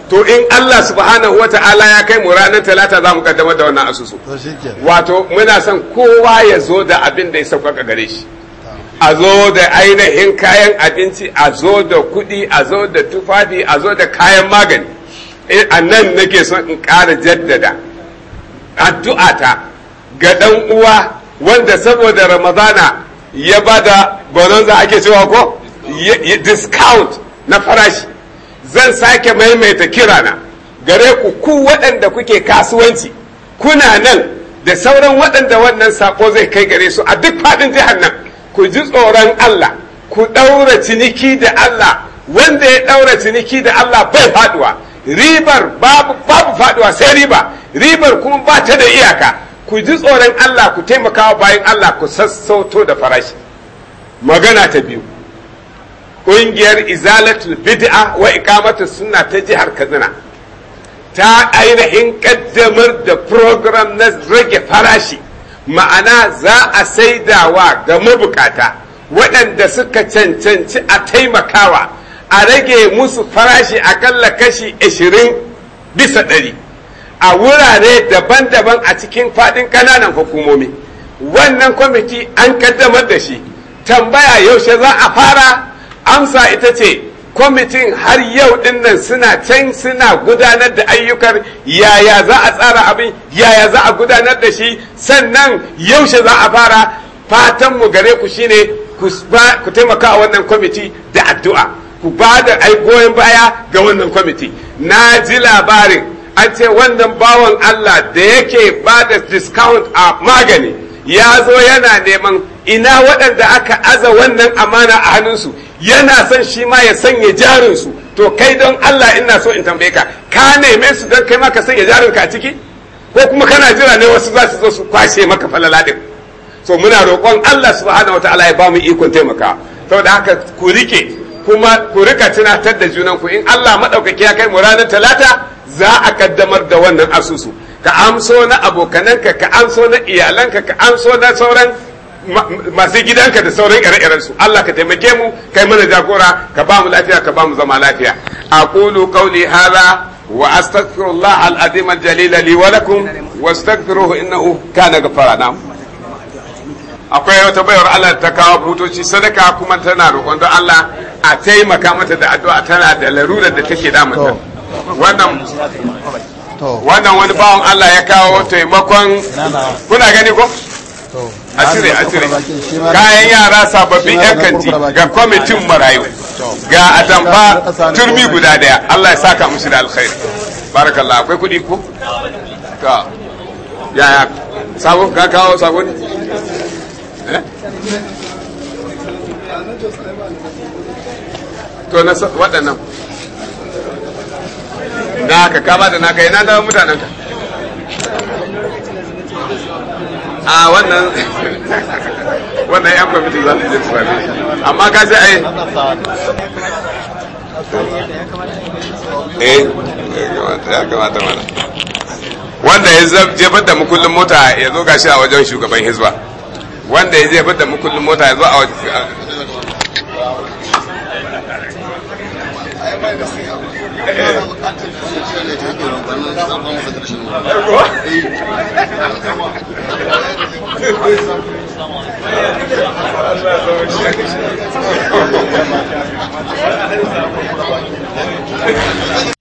to in Allah subhanahu wata'ala ya kai mu ranar talata za mu kaddamar da wannan asusu wato muna son kowa ya zo da abin da ya sauƙaƙa gare shi a zo da ainihin kayan abinci a zo da kuɗi a zo da tufafi a zo da kayan magani eh, a nan nake son in ƙara jaddada addu'ata ga ɗan uwa wanda saboda ramadana ya bada bonanza ake cewa ko discount na farashi zan sake maimaita kirana gare ku ku waɗanda kuke kasuwanci kuna nan da sauran waɗanda wannan sako zai kai gare su a duk faɗin jihar nan ku ji tsoron Allah ku ɗaura ciniki da Allah wanda ya ɗaura ciniki da Allah bai faɗuwa ribar babu babu faɗuwa sai riba ribar kuma ba ta da iyaka ku ji tsoron Allah ku taimakawa bayan Allah ku sassauto da farashi magana ta biyu ƙungiyar izalatul bid'a wa suna sunna ta jihar kaduna ta ainihin kaddamar da program na rage farashi ma'ana za a saidawa ga mabukata waɗanda suka cancanci a taimakawa a rage musu farashi akalla kashi 20 bisa ɗari a wurare daban-daban a cikin faɗin ƙananan hukumomi wannan kwamiti an kaddamar da shi tambaya yaushe za a fara amsa ita ce kwamitin har yau dinnan suna can suna gudanar da ayyukan yaya za a tsara abin yaya za a gudanar da shi sannan yaushe za a fara fatan mu gare ku shine ku taimaka wannan kwamiti da addu'a ku ba da goyon baya ga wannan kwamiti na ji labarin an ce wannan bawan Allah da yake ba da discount a magani ya zo yana neman ina waɗanda aka aza wannan amana a hannunsu yana son shi ma ya sanya jarinsu to kai don Allah ina so in tambaye ka ka neme su don kai ma ka sanya jarinka a ciki ko kuma kana jira ne wasu za su zo su kwashe maka falala din so muna roƙon Allah subhanahu wataala ya ba mu ikon taimaka saboda haka ku rike kuma ku rika tunatar da junan ku in Allah madaukaki ya kai mu ranar talata za a kaddamar da wannan asusu ka amso na abokananka ka amso na iyalanka ka amso na sauran masu gidanka da sauran ire-iren Allah ka taimake mu kai mana jagora ka ba mu lafiya ka ba mu zama lafiya aqulu qawli hadha wa astaghfirullah al-azim al-jalil li wa lakum wastaghfiruhu innahu kana ghafara na'am akwai wata bayar Allah ta kawo butoci sadaka kuma tana roƙon don Allah a taimaka mata da addu'a tana da larurar da take damunta wannan wannan wani bawan Allah ya kawo taimakon kuna gani ko a cire a cire kayan yara sababbin yan kanti ga kwamitin marayu ga atamfa turmi guda daya Allah ya saka musu da alkhairi barakallah akwai kudi ko ka ya ya sabo ka kawo sabo ne eh? to na waɗannan na ka kama da na ka ina da ka a wannan wannan yan kwamitin za su je su sami amma ka ji ai eh ya kamata mana wanda ya jefar da mukullin mota ya zo gashi a wajen shugaban hizba wanda ya jefar da mukullin mota ya zo a wajen É, nós não vamos